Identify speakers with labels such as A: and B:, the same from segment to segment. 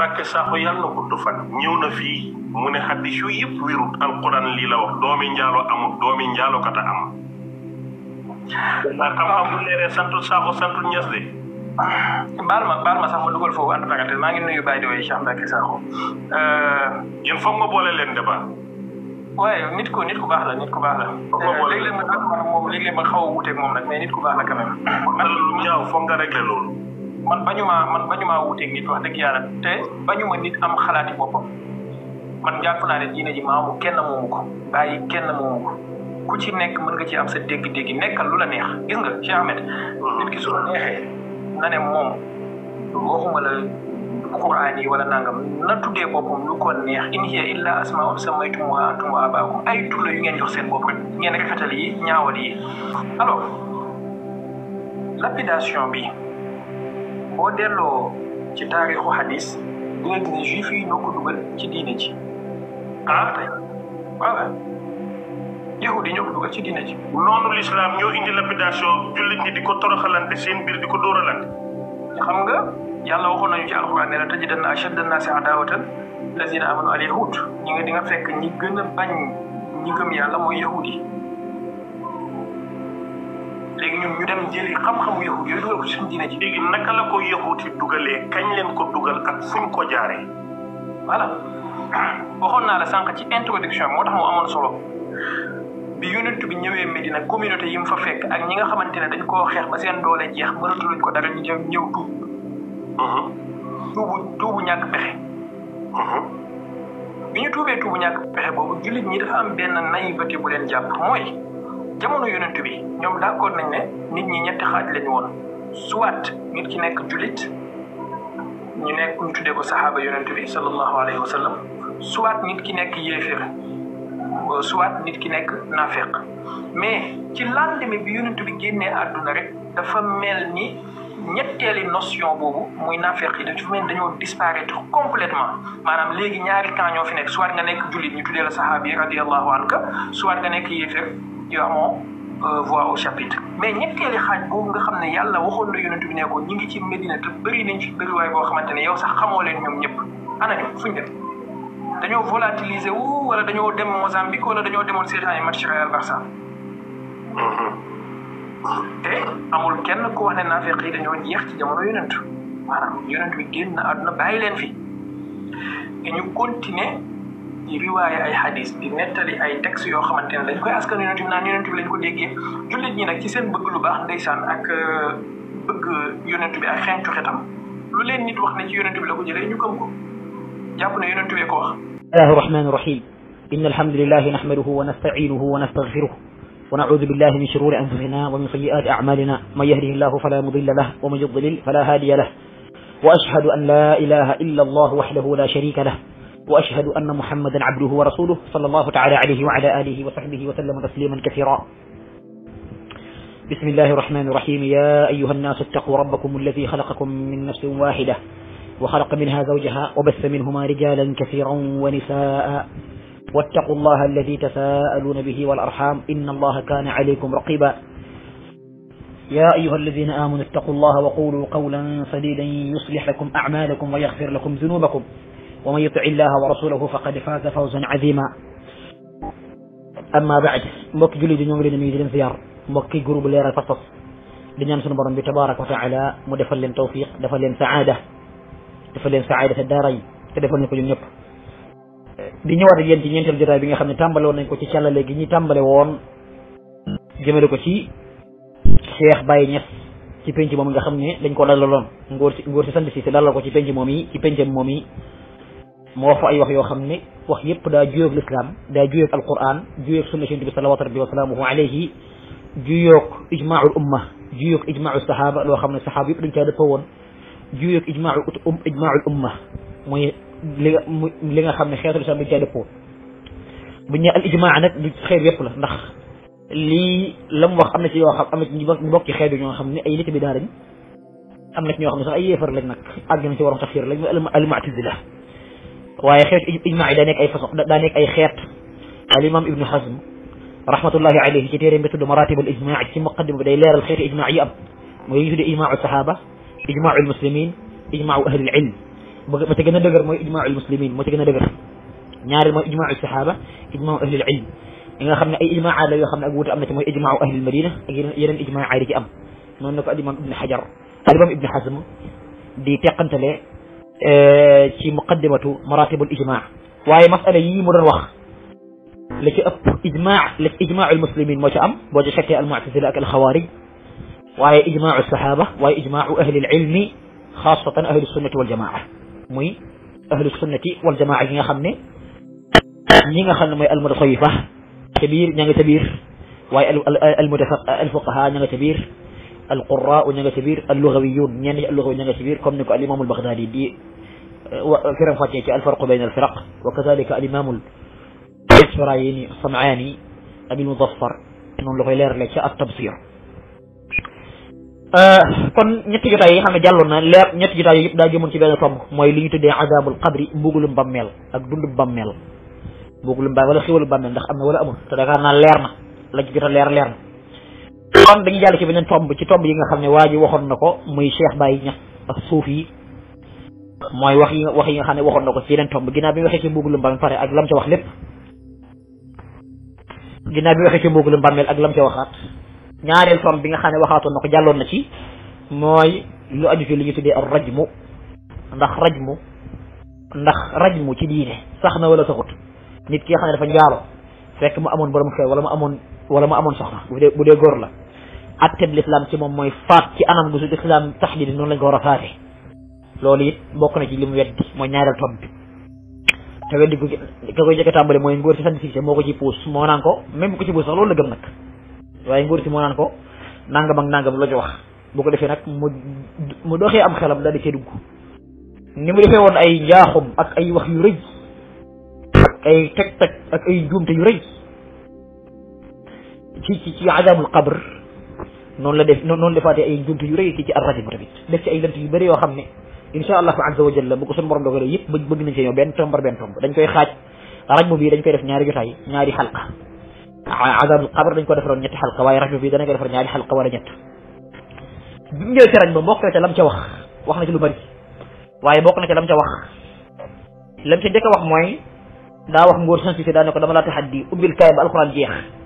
A: Mbacke Sakho yàlla na gudd fan ñëw na fii mu ne xaddis yu yëpp wérut alquran lii la wax doomi njaalo doomi njaalo kata am ndax xam bu leeree santul Sakho santul ñes de baal ma sax ma dugal foofu ànd parenthèse maa ngi nuyu bàyyi diwee Cheikh Mbacke Sakho euh, yéen foog nga boole leen débat waaye nit ku nit ku baax la nit ku baax la euh, ma xaw mais nit la quand même nga régler man bañu maa man bañu maa wuuteeg nit wax dëgg yàlla te bañu ma nit am xalaati boppam man jàpp naa ne diine ji maamu kenn moomu ko bàyyi kenn moomu ko ku ci nekk mën nga ci am sa dégg-dégg nekkal lu la neex gis nga Cheikh Ahmed nit ki su la neexee na ne moom waxuma la quraan yi wala nangam na tuddee boppam lu ko neex in hiya illa asmaun sammaytumuha antum wa abaakum ay tur yu ngeen jox seen bopp rek ngeen rafetal yi ñaawal yi alors lapidation bi boo delloo ci taarixu xadis dina gis yi ñoo ko ci diine ji ah tey voilà yahud yi ñoo ko ci diine ji. noonu ñoo indi lapidation jullit ñi di ko toroxalante seen biir di ko dóoralante. xam nga yàlla waxoon nañu ci alxuraan ne la tajidanna ashadda nnaasi adaawatan lazina amanu al yahud ñi nga di nga fekk ñi gën a bañ ñi gëm yàlla mooy yahud léegi ñun ñu dem jëli xam-xamu yahut yooyu dugal ko suñu diine ji léegi naka la ko yahut yi dugalee kañ leen ko dugal ak fuñ ko jaaree voilà waxoon naa la sànq ci introduction moo tax mu amoon solo bi yonent bi ñëwee Medina communauté yi mu fa fekk ak ñi nga xamante ne dañ koo xeex ba seen doole jeex mënatuluñ ko dara ñu ñëw ñëw tuub uh-huh. tuubu tuubu ñàkk pexe uh-huh. bi ñu tuubee tuubu ñàkk pexe boobu jullit ñi dafa am benn naïveté bu leen jàpp mooy jamono yonent bi ñoom d'accord nañ ne nit ñi ñetti xaaj lañu woon soit nit ki nekk jullit ñu nekk ñu tuddee ko saxaaba yonent bi sallallahu alayhi wa sallam soit nit ki nekk soit nit ki nekk naafeq mais ci lendemain bi yonent bi génnee àdduna rek dafa mel ni ñetteeli notion boobu muy naafeq yi dafa mel dañoo disparaître complètement maanaam léegi ñaari temps ñoo fi nekk soit nga nekk jullit ñu tuddee la saxaaba radiallahu anka soit nga nekk yéeféer moom euh, voie au chapitre mais ñetteeli xaaj boobu nga xam ne yàlla waxoon na yonent bi ne ñi ngi ci Medina te bëri nañ ci bëriwaay boo xamante ne yow sax xamoo leen ñoom ñëpp ana ñu fuñ dem dañoo volatiliser wu wala dañoo dem Mozambique wala dañoo demoon seetaan yi match Real Barça mm-hmm. te amul kenn ku wax ne naafeq yi dañoo jeex ci jamono yonent maanaam yonent bi génn na àdduna bàyyi leen fi te ñu continuer riwaya ay hadith di netali ay texte yo xamantene dañ koy askan yonentou bi naan yonent bi lañ ko déggé julit ñi nak ci seen bëgg lu baax ndeysaan ak bëgg yonentou bi ak xéñtu xetam lu leen nit wax na ci yonentou bi la ko jëlé ñu gëm ko jàpp na yonentou bi ko wax
B: الله الرحمن الرحيم إن الحمد لله نحمده ونستعينه ونستغفره ونعوذ بالله من شرور أنفسنا ومن سيئات أعمالنا من يهده الله فلا مضل له ومن يضلل فلا هادي له وأشهد أن لا إله إلا الله وحده لا شريك له وأشهد أن محمدا عبده ورسوله صلى الله تعالى عليه وعلى آله وصحبه وسلم تسليما كثيرا بسم الله الرحمن الرحيم يا أيها الناس اتقوا ربكم الذي خلقكم من نفس واحدة وخلق منها زوجها وبث منهما رجالا كثيرا ونساء واتقوا الله الذي تساءلون به والأرحام إن الله كان عليكم رقيبا يا أيها الذين آمنوا اتقوا الله وقولوا قولا سديدا يصلح لكم أعمالكم ويغفر لكم ذنوبكم ومن يطع الله ورسوله فقد فاز فوزا عظيما amma baad mbokki julli di ñoo ngi leen nuyu di leen ziar mbokki groupe leeral pas-pas di ñaan sunu borom bi tabaraka wa taala mu defal leen tawfiq defal leen saada defal leen saada te daara yi te defal ñu ko ñun ñëpp di ñëwaat ak yéen ci ñeenteel jotaay bi nga xam ne tàmbale woon nañ ko ci càllale gi ñi tàmbale woon jëmale ko ci Cheikh Baye Niass ci penc moom nga xam ne dañ ko dalaloon ngóor si ngóor si sant si si dalal ko ci penc moom yi ci pencam moom yi moo fa ay wax yoo xam ne wax yépp daa juyoog lislaam daa juyoog alquran juyoog sunna si bi salawatu rabbi wa salaamuhu alayhi juyoog ijmaul umma juyoog ijmaul sahaba loo xam ne sahaba yëpp dañ caa dëppoo woon juyoog ijmaul um ijmaul umma mooy li nga li nga xam ne xeetu lislaam dañ caa dëppoo bu ñu al ijmaa nag du xeer yépp la ndax lii lam wax am na ci yoo xam am na ci ñu bokk ci xeet ñoo xam ne ay nit bi daa lañ am na ci ñoo xam ne sax ay yéefar lañ nag àgg na ci waroon tax fiir lañ al mu'tazila waye xeetu ijma yi daa nekk ay façon da nek ay xet al imam ibn hazm rahmatullahi alayhi ci téere metu tudd maratibul ijma ci muqaddim bi day leeral xeeti ijma yi am moy yidi ijma al sahaba ijma al ijmaau ahlil ilm ba ca gën a dëgër mooy ijmaau almuslimin moo ca gën a dëgër ñaareel mooy ijmaau sahaba ahli al ilm nga xamne ay ijma ala yo xamne ne ak wuute am na ci mooy ahli al madina ak yeneen ijma ay yi ci am non la ko al imam ibn hajar al imam ibn hazm di teqantale ci muqaddimatu maratib al-ijma' waye masala yi mu don wax la ci ëpp ijma' la ci ijma' al-muslimin mo ci am bo ci al-mu'tazila ak al-khawarij waye ijma' ijmaau sahaba waye ijma' ahli al lilmi xaasatan ahlu sunnati waljamaa muy ahlu sunnati waljamaa yi nga xam ne ñi nga xamne ne mooy almutasawifa te biir ña nga ca biir waaye almudafa alfuqaha ña nga ca tabir alqurraau ña nga ci biir alluxawiyuun ñenn ñi alluxawi ña nga ci biir comme ni ko alimaamul Bagdaadi di firam fàccee ci alfarqu bayna alfiraq wa kadalika alimaamul Isfaraayini Samaani abil Muzaffar noonu la koy leerale ca at tabsir euh, kon ñetti jotaay yi xam ne jàlloon na leer ñetti jotaay yooyu yëpp daa jëmoon ci benn tomb mooy li ñu tuddee azabul qabri mbugulum bàmmeel ak dundum bàmmeel mbugulum bàmmeel wala xiwalu bàmmeel ndax am na wala amul te dakaar naa leer na lañ ci jot a leer leer na kon dañuy jàll ci beneen tomb ci tomb yi nga xam ne waa ji waxoon na ko muy Cheikh Baye Niass ak suuf yi mooy wax yi wax yi nga xam ne waxoon na ko ci yeneen tomb ginnaaw bi ñu waxee ci mbugalu mbàmmeel pare ak lam ca wax lépp bi ñu waxee ci ak lam ca waxaat ñaareel tomb bi nga xam ne waxaatoon na ko jàlloon na ci mooy lu aju ci li ñu tuddee ak rajmu ndax rajmu ndax rajmu ci diine sax na wala saxut nit ki nga xam ne dafa njaalo fekk mu amoon borom xew wala mu amoon wala mu amoon soxna bu dee bu dee góor la atteb l'islam ci mom moy fat ci anam gusu islam tahdid non lañ ko war a faate loolu it bokk na ci limu weddi moy ñaaral tom bi te weddi bu ka koy jëkk tàmbale moy ngor ci sant ci moo ko ci puus mo nan ko même ko ci bu sax loolu la gëm nak waaye ngor ci mo nan ko nangam ak nangam la ci wax bu ko defé nak mu doxé am xelam da di ci dugg ni mu defé won ay jaaxum ak ay wax yu reuy ay tek tek ak ay juumte yu reuy ci ci ci adamul qabr noonu la def noonu defaatee ay njuumte yu rëy ci ar-rajm tamit def ci ay lënt yu bëri yoo xam ne insha allahu azza wa jalla bu ko suñu borom dogalee yëpp bëgg nañ ci ñëw benn tombar benn koy xaaj rajmu bi dañ ñaari jotaay ñaari xalqa azabul qabr dañ ko defaroon ñetti xalqa waaye rajmu bi danañ ko defar ñaari xalqa wala ñett bi mu ñëwee ci rajmu bokk na ca ca wax wax na ci lu bëri waaye bokk na ca lam ca wax lam ca njëkk a wax mooy daa wax ngóor san si daa ne ko dama laa taxaddi ubbil kaay ba alquran jeex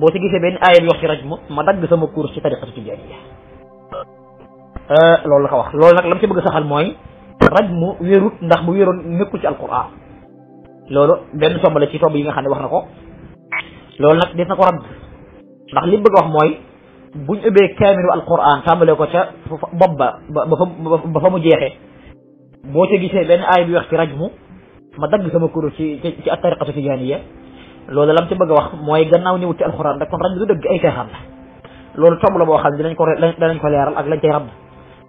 B: boo ci gisee benn aaya bi wax ci raj ma ma dagg sama cours ci tariqatu tijaaniya euh, loolu la ko wax loolu nag la mu ci bëgg a saxal mooy raj mu wérut ndax bu wéroon nekkul ci alquran loolu benn tomb la ci tomb yi nga xam ne wax na ko loolu nag des na ko radd ndax li bëgg a wax mooy buñ ubbee kaamilu alquran tàmbalee ko ca bopp ba ba fa mu jeexee boo ca gisee benn aaya bi wax ci raj mu ma dagg sama cours ci ci ci at tariqatu tijaaniya loolu lam ci bëgg wax mooy gannaaw ni wuti alxuraan rek kon raj du dëgg ay caaxaan la loolu tomb la boo xam ne dinañ ko dinañ ko leeral ak lañ cay rab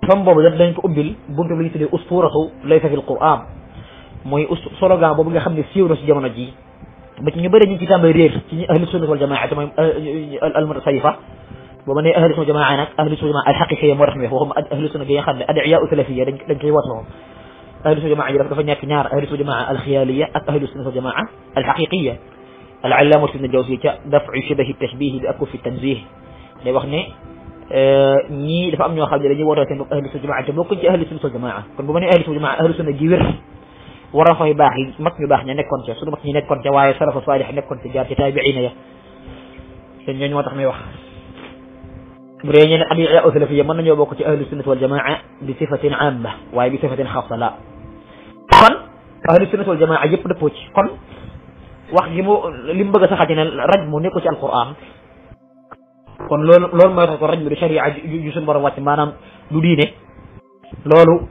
B: fam boobu danañ ko ubbil buntu lu ñu tuddee usturatu laysa fil quran mooy us slogan boobu nga xam ne siiw na si jamono ji ba ci ñu bëri ñu ci tàmbay réer ci ñi ahli sunna wal jamaa te mooy al mutasayifa boo ma nee ahli sunna jamaa nag ahli sunna al haqiqiyya mo tax ñu wax waxuma ahli sunna gi nga xam ne adiya usulafiyya dañ dañ koy wat moom ahli sunna jamaa dafa ñàkk ñaar ahli sunna jamaa al khiyaliyya ak ahli sunna jamaa al haqiqiyya العلامة ابن الجوزي تاع دفع شبه التشبيه لأكف التنزيه لي وخني ني دا آه، فام ньо خاجي دا نيو وراتن بوك اهل السنه جماعه بوك اهل السنه جماعه كون بوني اهل السنه جماعه اهل السنه جي وير ورا خوي باخ مك ني باخ ني نيكون نعم، تي سودو مك ني نيكون تي واي سلف صالح نيكون تي جار تابعين يا سن ньо تخ مي وخ بري ني ابي عيا او في من ньо بوك تي اهل السنه والجماعه بصفه عامه واي بصفه خاصه لا كون اهل السنه والجماعه ييب دبوتي كون wax ji mu li mu bëgg a saxati ne raj mu nekku ci alquran kon loolu loolu mooy ko raj mi du sharia ju suñu borom wàcc maanaam du diine loolu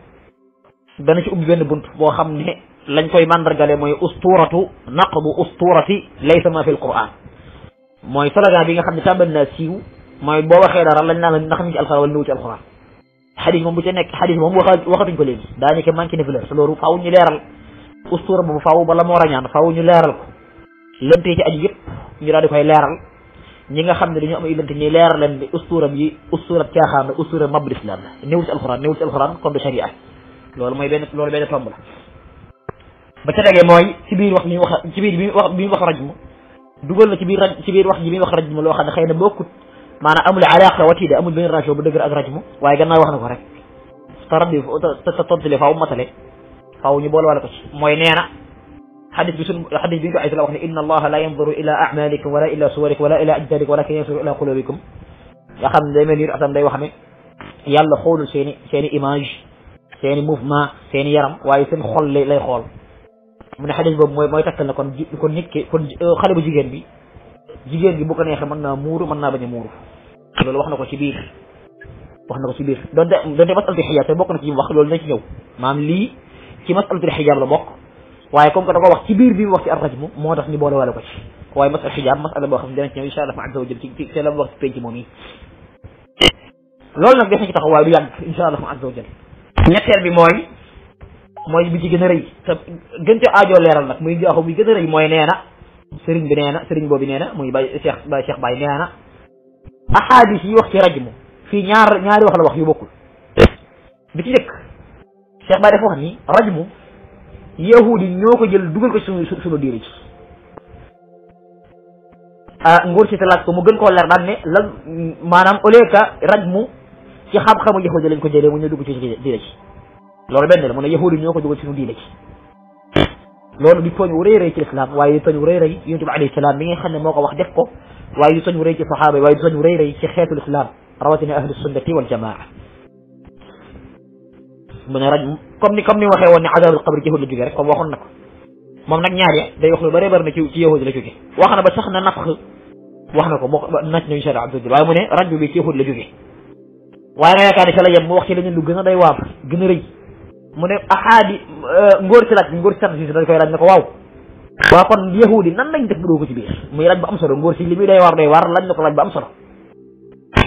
B: dana ci ubbi benn bunt boo xam ne lañ koy màndargale mooy usturatu naqdu usturati laysa ma fi alquran mooy slogan bi nga xam ne tàmbali naa siiw mooy boo waxee dara lañ naa la ndax mi ci alquran wala niwu ci alquran xadis moom bu ca nekk xadis moom waxa waxatuñ ko léegi daa nekk manqué ne valeur te loolu faaw ñu leeral ustura boobu faaw moo rañaan faaw ñu leeral ko lënt yi ci aju yëpp ñu daal di koy leeral ñi nga xam ne dañoo am ay lënt ñuy leeral leen di ustuura bi ustuura caaxaan la ustuura mabbu lislaam la néewul ci alxuraan néewul ci alxuraan kon du sharia loolu mooy benn loolu benn tomb la ba ca degee mooy ci biir wax mi wax ci biir bi wax bi wax rajmu dugal na ci biir raj ci biir wax ji mi wax rajmu loo xam ne xëy na bokkut maanaam amul alaqa watiida amul benn ratio bu dëgër ak rajmu waaye gannaaw wax na ko rek te rabbi te tontile faaw matale faaw ñu boole wala ko ci حديث بيسون حديث بيسون عيسى wax ne inna allaha la yanzuru ila a'malikum wala ila suwarikum wala ila ajsadikum walakin yanzuru ila qulubikum nga xam ne day mel ni atam day wax ne yàlla xoolul seeni seeni image seeni mouvement seeni yaram waaye seen xol lay lay xool mu ne xadis boobu mooy mooy takkal na kon kon nit ki kon xale bu jigéen bi jigéen bi bu ko neexee mën naa muuru mën naa bañ a muuru loolu wax na ko ci biir wax na ko ci biir donte donte masalatul xijaab te bokk na ci yi wax loolu na ci ñëw maam lii ci masalatul xijaab la bokk waaye comme que da ko wax ci biir bi wax ci arrajmu moo tax ñu boole wala ko ci waaye masal xijaab masala boo xam ne danañ ci ñëw insha allah azza wa jal ci ci la wax ci penc moom yi loolu nag def na ci taxaw waaye du yàgg insha allah azza wa jal ñetteel bi mooy mooy bi ci gën a rëy te gën ca aajoo leeral nag muy jaaxu bi gën a rëy mooy nee na sëriñ bi nee na sëriñ boobu nee na muy bay Cheikh bay Cheikh Baye nee na ahadis yi wax ci rajmu fii ñaar ñaari wax la wax yu bokkul bi ci njëkk Cheikh Baye dafa wax ni rajmu yahudi ñoko jël duggal ko suñu suñu diir ci a ngor ci talaat ko mu gën ko leer daal ne la manam au lieu que ci xam-xamu yahudi lañ ko jëlé mu ñu dugg ci diir ci loolu benn la mu ne yahudi ñoko duggal suñu diir ci loolu di tooñ reey reey ci islam waye di reey reey yunus rëy yonent alayhi salaam mi nga xamne moko wax def ko waye di reey ci sahaba waye waaye reey reey ci xeetu islam rawatina ahlus sunnati wal jamaa'ah bu raj comme ni comme ni waxé won ni azabul qabr ci hudu la rek comme waxon nako mom nak ñaar ya day wax lu bari bari na ci ci yahud la jógee wax na ba sax na nafkh wax na ko nañ ñu nañu abdul waaye mu ne raj bi ci hudu la jógee way nga yaaka ne ca la yem mu wax ci ñu lu gëna day waaf gëna reuy mu ne ahadi euh, ngor ci laaj ngor ci sax si dañ koy raj nako ko waaw waa kon yahudi nan lañ def do ko ci biir muy raj bu am solo ngor ci limi day war day war lañ nako raj laaj bu am solo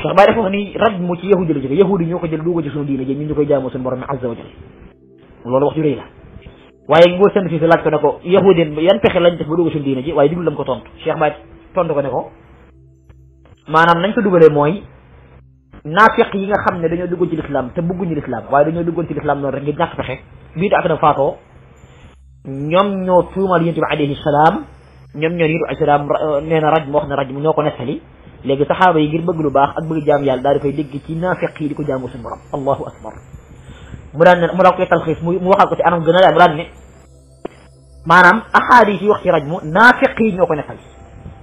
B: sax ba defo ni rad mu ci yahudi la jóge yahudi ñoko jël duggu ci sunu diina ji ñu koy jaamu suñu borom azza wa jal loolu wax ju reey la waaye ngoo sen fi laaj lakko nako yahudi yahudin yan pexe lañ def ba duuga suñu diina ji waye diglu lam ko tontu cheikh bay tontu ko nako manam nañ ko duggalé moy nafiq yi nga xamne dañu duggu ci islam te ñu islam waye dañu duggu ci islam non rek ngir ñàkk pexe da ak na faato ñom ñoo tuumal yentu bi alayhi salam ñom ñoo yonent bi neena salaam nee na raj moo wax raj ñoo léegi saxaaba yi ngir bëgg lu baax ak bëgg jaam yàlla daal koy dégg ci naafeq yi di ko jaamu suñu borom allahu akbar mu daan ne mu daan koy talxiis mu waxal ko ci anam gën a laay mu daan ne maanaam axaadis yi wax ci rajmu naafeq yi ñoo ko nekkal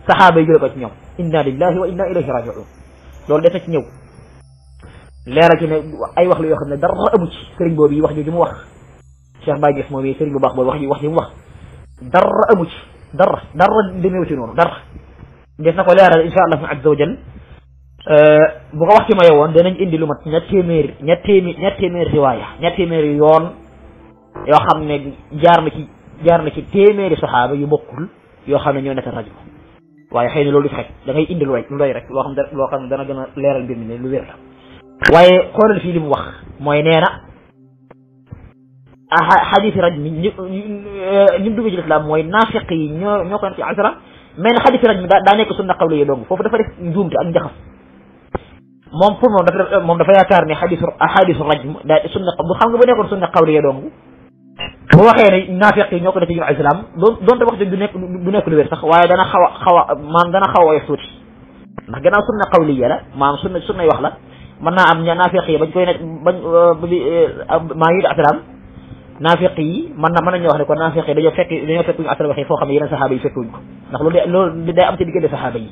B: saxaaba yi jële ko ci ñoom inna lillahi wa inna ilayhi rajiun loolu des na ci ñëw leeral ci ay wax la yoo xam ne dara amu ci sëriñ boobu yi wax jooju mu wax Cheikh Baye Niass moom yi sëriñ bu baax boobu wax ji wax ji mu wax dara amu ci dara dara demeewu ci noonu dara des na ko leeral insha allah azza wa euh, bu ko wax ci ma yowoon danañ indi lu mat ñetti téeméer ñetti téeméer yoon yoo xam ne jaar na ci jaar na ci téeméeri saxaaba yu bokkul yoo xam ne ñoo nekk rajo waaye xëy na loolu du ci xaj indi lu way rek loo xam loo xam ne dana gën a leeral mbir mi ne lu wér la waaye xoolal fii li wax mooy nee na ah, xadiisi raj mi ñu ñu euh, duggee ci lislaam mooy naafiq yi ko nekk ci asra mais ne xadiis raj mi daa nekk sunna xawle yi dong foofu dafa def njuumte ak njaxas moom pour moom dafa moom dafa yaakaar ne xadiisu xadiisu raj mi daa sunna bu xam nga bu nekkoon sunna xawle yi dong bu waxee ne naafiq yi ñoo ko def ci islam doon doonte wax du nekk du nekk lu wér waaye dana xaw a xaw a maam dana a suuti ndax gannaaw sunna xawliya la maam sunna sunnay wax la mën naa am ña naafiq yi bañ koy ne bañ euh, euh, maa ngi islam naafiq yi mën na mën nañu wax ne ko naafiq yi dañoo fekk dañoo fekkuñu asal waxi foo xam ne yeneen saxaaba yi fekkuñu ko ndax loolu loolu day am ci diggante saxaaba yi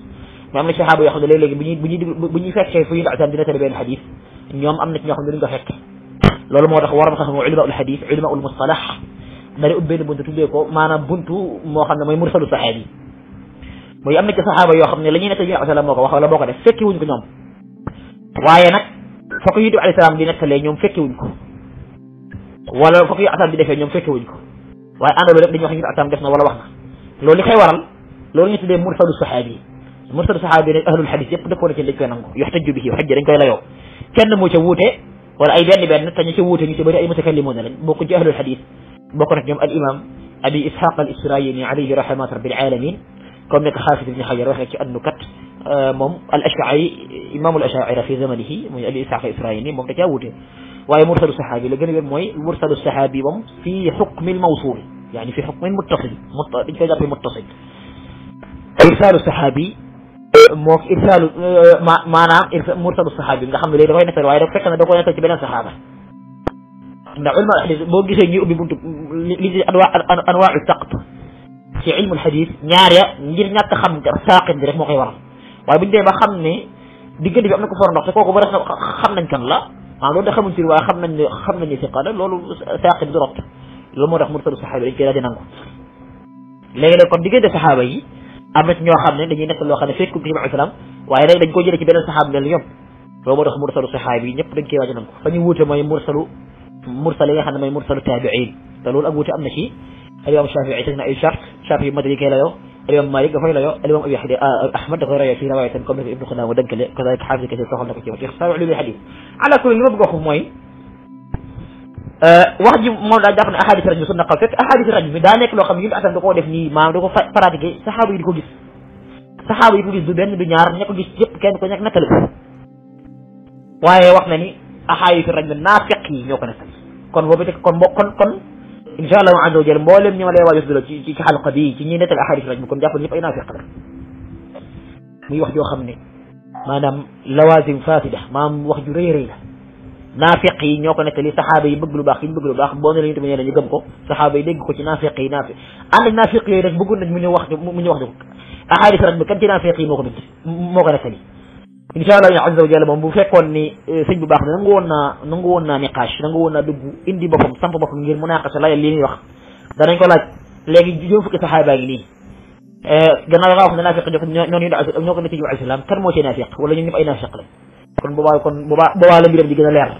B: mais am na saxaaba yoo xam ne léeg-léegi bu ñuy bu ñuy bu ñuy fekkee fu ñuy dax dina tari benn xadis ñoom am na ci ñoo xam ne duñ ko fekk loolu moo tax waram xam ulama ul xadis ulama ul mustalax dara ubbi benn buntu tuddee ko maanaam buntu moo xam ne mooy mursalu saxaaba yi mooy am na ci saxaaba yoo xam ne la ñuy nettali ñu asala moo ko wax wala moo ko def fekki wuñ ko ñoom waaye nag foo ko yidib alayhi salaam di nettalee ñoom fekki wuñ ko wala ko fi atam bi defé ñom fekke wuñ ko waaye andal rek dañu wax ngir atam def na wala wax na loolu li koy waral loolu ñu tuddee mursalu sahabi mursalu sahabi ne ahlul hadith yëpp dëppoo na ci dañ koy nangu yoxtaju bihi xajja dañ koy layo kenn mo ci wuté wala ay benn benn te ci wuté ñu ci bari ay mutakallimuuna lañ bokku ci ahlul hadith bokku nak ñom al imam abi ishaq al israili alayhi rahmat rabbil alamin comme nek khafid ibn hajar wax ci annu kat mom al ashari imam al ashaira fi zamanihi mu abi ishaq al israili mom da caa wuté وهي مرسل الصحابي لجنب موي مرسل الصحابي في حكم الموصول يعني في حكم المتصل متصل في متصل ارسال الصحابي موك ارسال ما انا مرسل الصحابي غا خامل لي داي نفر واي فك انا داكو نتاي بين الصحابه ان علم الحديث بو غيسه ني اوبي بونت لي انواع انواع التقط في علم الحديث نيار غير نك خام ساق دي رك موكاي وار واي بو ندي با خامني ديغنت بي امنا كو فور نوك كوكو با رخ خام نان كان لا maanaam loolu da xamuñ si waaye xam nañ ne xam nañ ne si loolu saaqit du rot loolu moo tax mursalu saxaaba dañ koy daal di nangu léegi nag kon diggante saxaaba yi am na ci ñoo xam ne dañuy nekk loo xam ne fekk ci salaam waaye nag dañ ko jëlee ci beneen saxaaba mel ñoom loolu moo tax mursalu saxaaba yi ñëpp dañ koy waaj a nangu fa ñu wuute mooy mursalu mursal yi nga xam ne mooy mursalu taabiin te loolu ak wuute am na ci al imaam Shaafi'i na ay charte charte yu mat yi koy yo اليوم مالك فايلا يو اليوم ابي حدي آه، احمد غيره يشي رواية تنكم في ابن خدام ودنك لي كذلك حافظ كثير صحر لك كيما شيخ سارو علي الحديث على كل نبقى خموي آه، واحد مو دا جاب احاديث رجل سنة قال فيك احاديث رجل دا نيك لو خمي اسان دوكو ديف ما دوكو فراتيكي صحابي ديكو جيس صحابي ديكو جيس دوبين دو نيار نيكو جيس جيب كين كو نيك نتل واي وقت ناني احاديث رجل نافقي نيوكو نسل كون بوبيتك كون بو كون ان شاء الله عز وجل مولم ني مالاي واجو دي في حلقه دي تي ني نتال احاديث رجم كون جاب نيب اي نافق لا مي واخ جو خامني مانام لوازم فاسده مام واخ جو ري ري نافق يي نيو كو نتالي صحابه يي بغلو باخ يي بغلو باخ بون لي تمي ني نيو كو صحابه يي ديغ كو سي نافق يي نافق اند نافق يي رك بغون نك مي واخ مي واخ احاديث رجم كان تي نافق يي موكو بيت موكو نتالي incha allah ina azza wa jalla moom bu fekkoon ni eh, sëñ bu baax ne nangu woon naa nangu woon naa niqaash nangu woon naa dugg indi boppam samp boppam ngir munaaqasa layal li ñuy wax ko laaj léegi juróom fukki saxaaba ngi nii eh, gannaaw nga wax ne naafiq ñoo ñoo ñoo ko nit yi alayhi salaam kan moo ci naafiq wala ñun ñëpp naafiq la kon boobaa kon boobaa boobaa la mbiram di gën a leer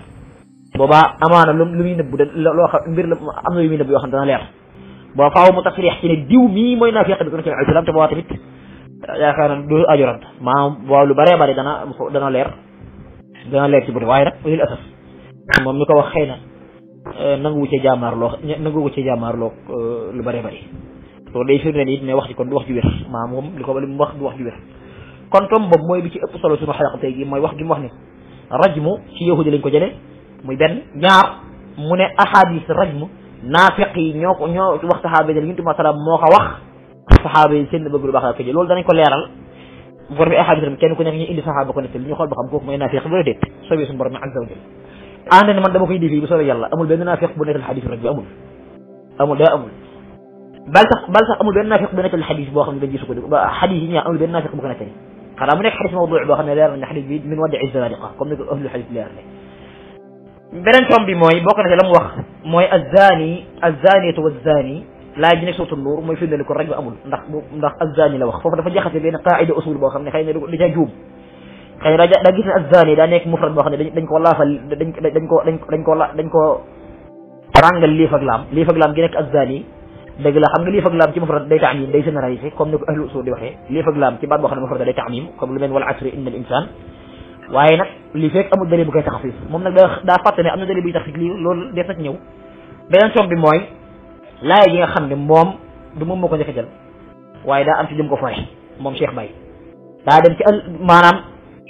B: boobaa amaana lu lu loo xam mbir la am na yu muy nëbbu yoo xam dana leer boo faaw mu tasriix ci ne diw mii mooy naafiq bi ko nit yi alayhi salaam te boobaa tamit yaakaar na du ajorant maanaam waaw lu bëree bëri dana dana leer dana leer ci bëri waaye nag lil moom mi ko wax xëy na euh, nanguwu ci jaamaarloo nanguwu ci jaamaarloo euh, lu bëree bëri loolu day firndeel it wax ci kon du wax ju wér moom li ko li mu wax du wax ju kon tom boobu mooy bi ci ëpp solo suñu xalaq tey gi mooy wax gi mu wax ne rajmu ci yahudi lañ ko jëlee muy benn ñaar mu ne ahadis rajmu naafiq yi ñoo ko ñoo wax saxaaba yi yonent bi salaam moo ko wax الصحابه سن بغل باخا كجي لول داني كو ليرال بور بي احاديث كن كو نخ ني اندي صحابه كو نيت لي خول باخام كوك ماي نافيخ بو ديت سوي سن برمي عز وجل انا ني من دا بكاي ديفي بسول يالا امول بن نافيخ بو نيت الحديث رجو امول امول دا امول بل تخ بل تخ امول بن نافيخ بو نيت الحديث بو خام دجي سوكو با حديث ني امول بن نافيخ بو نيت خلا مو نيت حديث موضوع بو خام ليرال ني حديث بيد من ودع الزارقه كوم نيت اهل الحديث ليرال بنن توم بي موي بوكو نتي لام واخ موي الزاني الزانيه والزاني laa ji nekk sootu nuur mooy firndeel ko raj ba amul ndax ndax wax foofu dafa jaxase benn qaida usul boo xam ne xëy na da ca juum xëy na daa gis ne azzaani daa nekk mufrad boo xam ne dañ ko laafal dañ la xam nga liif ak laam ci mufrad day taamim day généralisé comme ni ko ahlu usul di waxee liif laam ci baat boo xam ne mufrad day taamim comme lu mel wal asri inna al insaan waaye nag li fekk amul moom nag daa fàtte ne am na dalil buy taxfiif lii loolu laay gi nga xam ne moom du moom moo ko njëkk a jël waaye daa am ci jëm ko fooy moom Cheikh bay daa dem ci maanaam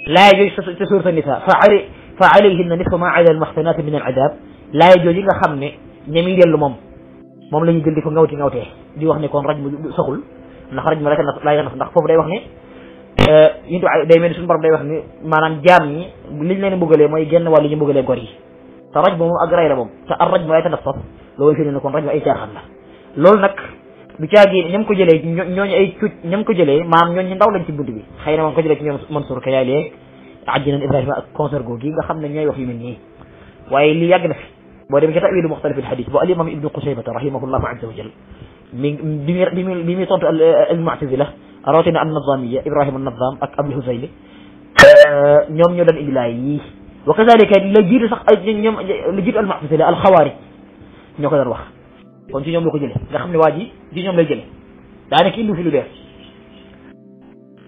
B: laay jooju ci suurta nisa fa ali fa alayhi alayhinna nisfu ma ala al almuhsanat min al adab laay jooju yi nga xam ne ñami dellu moom moom la ñuy jël di ko ngawti ngawte di wax ne kon raj mu soxul ndax raj mu rek laay nas ndax foofu day wax ne yuntu day mel suñu borom day wax ni maanaam jaam ñi liñ leen mbugalee mooy genn wàllu ñu mbugalee gor yi te raj moom ak ray la moom te ar raj mu lay tanafas loolu firi na kon rajo ay caaxaan la loolu nag du caagi ñam ko jëlee ñooñu ay cuuc ñam ko jëlee maam ñooñu ndaw lañ ci bunt bi xëy na moom ko jëlee ci ñoom Mansour ka yaay léeg ajjinan Ibrahima ak concert googu nga xam ne ñooy wax yu mel nii waaye li yàgg na fi boo demee ci tawilu muxtalif al xadis bu al imam ibnu Qusaymata rahimahullahu azza wa jal mi bi muy bi muy tontu al mu'tazila rawatina an nazamiya Ibrahima Nazam ak Abul Husayli ñoom ñoo doon indi laay yii wa kazalika la jiitu sax ñoom la jiitu al mu'tazila al xawaarij ñoko dar wax kon ci ñom lako jëlé nga xamni waji di ñom lay jëlé da naka indi fi lu def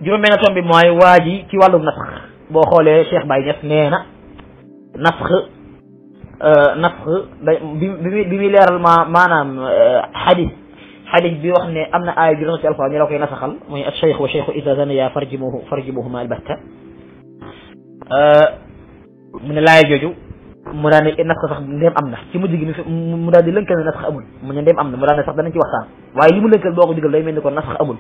B: juróom-benn tombi bi mooy waa ci wàllum nasx boo xoolee Cheikh Baye Niass nee na nasx nasx bi bi bi muy leeral ma maanaam xadis xadis bi wax ne am na aaya juróom ci alxuraan ñu la koy nasaxal mooy al cheikh wa cheikhu isa zanaya farjimuhu farjimuhuma albatta mu ne laaya jooju mu daa ne naf sax ndem am na ci mujj gi mu daal di lënkal ne naf sax amul mu ne ndem am na mu daa ne sax danañ ci waxtaan waaye li mu lënkal boo ko digal day mel ni kon naf sax amul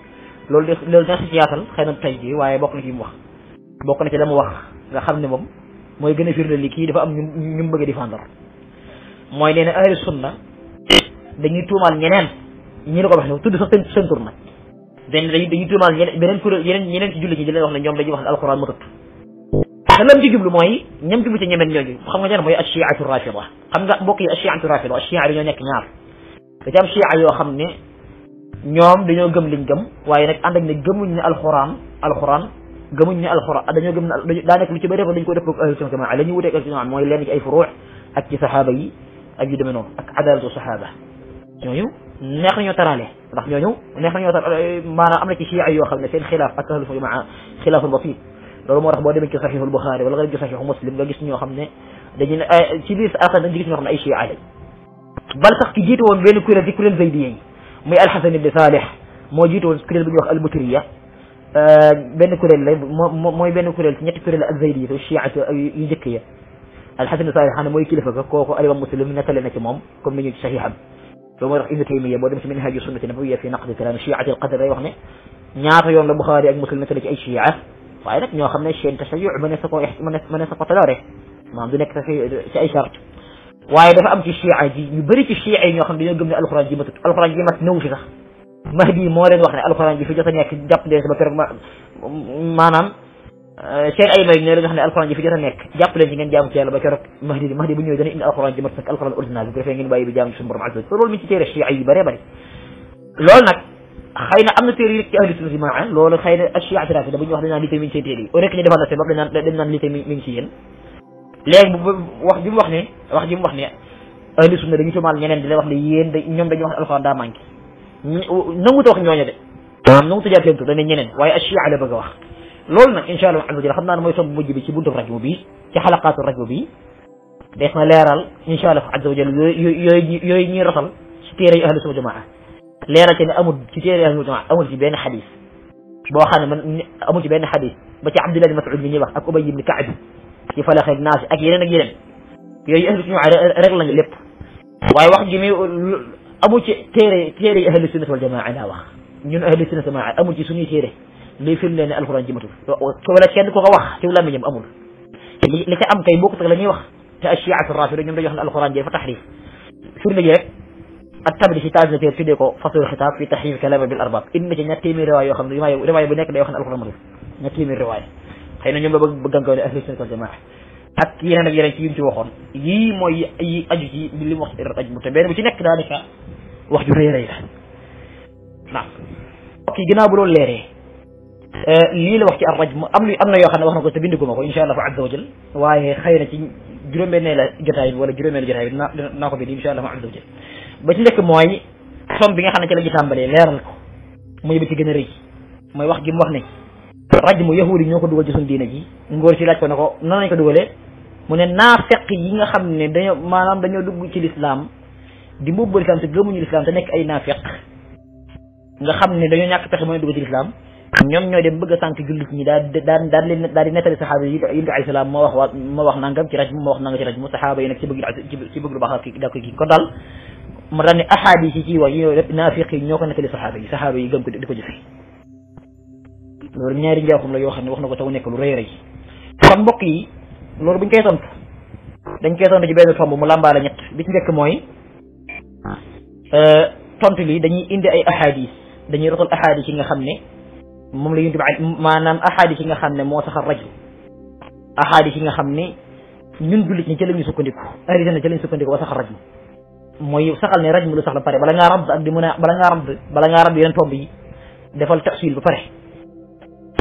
B: loolu de loolu neex ci yaatal xëy na tey jii waaye bokk na ci mu wax bokk na ci la mu wax nga xam ne moom mooy gën a firnde li kii dafa am ñu ñu bëgg a défendre mooy nee na ahlu sunna dañuy tuumaal ñeneen ñi la ko wax ne tudd sax seen seen tur nag dañ dañuy tuumaal ñeneen beneen أهلم جيب له ماي نم جيب تاني من جوجي خم جانا ماي الشيعة الرافضة خم جا بوكي الشيعة الرافضة الشيعة اللي نيك نار بتام الشيعة يو خم ني نيوم دنيو جم لينجم وينك عندك نجم من القرآن القرآن جم من القرآن أدنيو جم دانك اللي تبرر ولا يقول أفوك أهل ما علني ولا يقول سمع ماي لينك أي فروع أك صحابي أجد منه أك عدالة الصحابة نيو نحن نيو ترى له نحن نيو نحن نيو ترى ما أنا أمريكي شيعي وخلنا سين خلاف أكهل سمك خلاف بسيط loolu moo tax boo demee ci saxiixul Buxaari wala nga dem ci saxiixu Muslim nga gis ñoo xam ne dañu ne ci biir asar dañu gis ñoo xam ne ay chia lañ bal sax ki jiite woon benn kuréel di kuréel zaydiye yi muy alxasan ibne saalih moo jiite woon kuréel bu ñuy wax albuturiya benn kuréel la mooy benn kuréel ci ñetti kuréel ak zaydiye te chiatu yu njëkk ya alxasan ibne saalih xanaa mooy kilifa ka kooku alimam muslim nettale na ci moom comme ni ñu ci saxiixam loolu moo tax ibnu taymiya boo dem ci minhaaju sunnati nabawiyya fi naqdi kalaam chiati alqadar day wax ne ñaata yoon la buxaari ak muslim nettale ci ay chia طيب نيوخا من تشجيع من تطلاره ما بدون أكثر شيء شرط وايد فهمت الشيعة دي يبريك الشيعة نيوخا من يقوم الأخرى جيمة الأخرى جيمة نوشة مهدي مورد وخنا الأخرى جي فجأة نيك دب ليس بكر ما نام أه، شير أي بين نيرد وخنا الأخرى جي فجأة نيك دب ليس نيك جام كيال بكر مهدي مهدي بنيو دني إن الأخرى جي مرتك الأخرى الأرزنا بكر فين باي بجام شمر معزوز سرول من تير الشيعة بري بري لولنك xëy na am na téere yi ahli sunna jamaa loolu xëy na ashia firaafi da wax dañu naan lii ci yéen léegi wax bi mu wax ne wax bi mu wax ne ahli sunna dañu tumaal ñeneen di la wax ne yéen da ñoom dañu wax alxuraan daa manqué nanguta wax ñooñu de maanaam nanguta jaar seen tur dañ ne ñeneen waaye ashia la a wax loolu nag incha allah azza jalla xam naa ne mooy tomb mujj bi ci bi ci xalaqaatu rajmu bi des na leeral incha allah azza jalla yooyu yooyu ñuy rotal ci téere yi ahli sunna jamaa leerate ne amul ci téere ahlu jamaa amul ci benn xadis boo xam ne man amul ci benn xadis ba ci abdullah ibn mas'ud mi ñuy wax ak ubay ibn ka'b ci falax ak naas ak yeneen ak yeneen yooyu ahlu jamaa rek lañ lépp waaye wax gi mi amul ci téere téere yi ahlu sunnat wal jamaa laa wax ñun ahlu sunnat jamaa amul ci suñuy téere luy firndeel ne alxuraan jimatul wala kenn ko ko wax ci làmmiñam amul li li ko am kay bokkut ak la ñuy wax te ashiyaatu rafida ñoom dañuy wax ne alxuraan ji dafa taxrif firnde ji rek التبدي ختاز في الفيديو فصل الختام في تحريف كلام بالأرباب إن جن يتيم الرواية وخن رواية رواية بنك لا يخن الأخرى مرض يتيم الرواية خلينا نجمع بقى نقول أهل السنة والجماعة أكيد أنا بيرن كيم توخن يي ما يي أي أجي بلي وقت الرقاج متبين بس نك دانك واحد يري يري نعم أوكي جنا بلو ليري آه، ليل وقت الرقاج أمن أمن يا خن وخن قلت بيندكم إن شاء الله عز وجل واي خير جرمنا لا جرائم ولا جرمنا لا جرائم نا نا إن شاء الله عز وجل ba ci nek moy som bi nga xamne ci la ñu tàmbalee ko muy bi ci gëna reuy moy wax gi mu wax ne raj mu yahudi ñoko duggal ko ci sun diina ji ngor ci laaj ko nako ko nan lañ ko duggalé mu ne naafeq yi nga xamne dañu manam dañu dugg ci l'islam di mbubbal ci gëmu ñu l'islam te nek ay naafeq nga xamne dañu ñak ñàkk moy dugg ci l'islam ñom ñoy dem bëgg sank sànq jullit ñi daal daal daal leen daal di netali sahaba yi yunus alayhi salam mo wax mo wax nangam ci raj mo wax nangam ci raj mu sahaba yi nak ci bëgg ci bëgg lu baax ak da ko gi ko dal mu daal ne ahadis yi ciy wax yooyu lépp naafiq yi ñoo ko nettali saxaaba yi saxaaba di ko jëfe ñaari njaaxum la yoo xam ne wax na ko taw nekk lu rëy rëy kon mbokk yi loolu buñ koy tontu dañ koy tontu ci benn tomb mu làmbaale ñett bi ci njëkk mooy euh, tontu li dañuy indi ay ahadis dañuy rotal ahadis yi nga xam ne moom la yuntu maanaam ahadis yi nga xam ne moo saxal raju ahadis yi nga xam ne ñun jullit ñu ci la ñu sukkandiku arisa na ci la ñu sukkandiku wa saxal mooy saxal ne rajm lu sax la pare bala ngaa radd ak di mën a bala ngaa radd bala ngaa radd yeneen tomb yi defal taxsil ba pare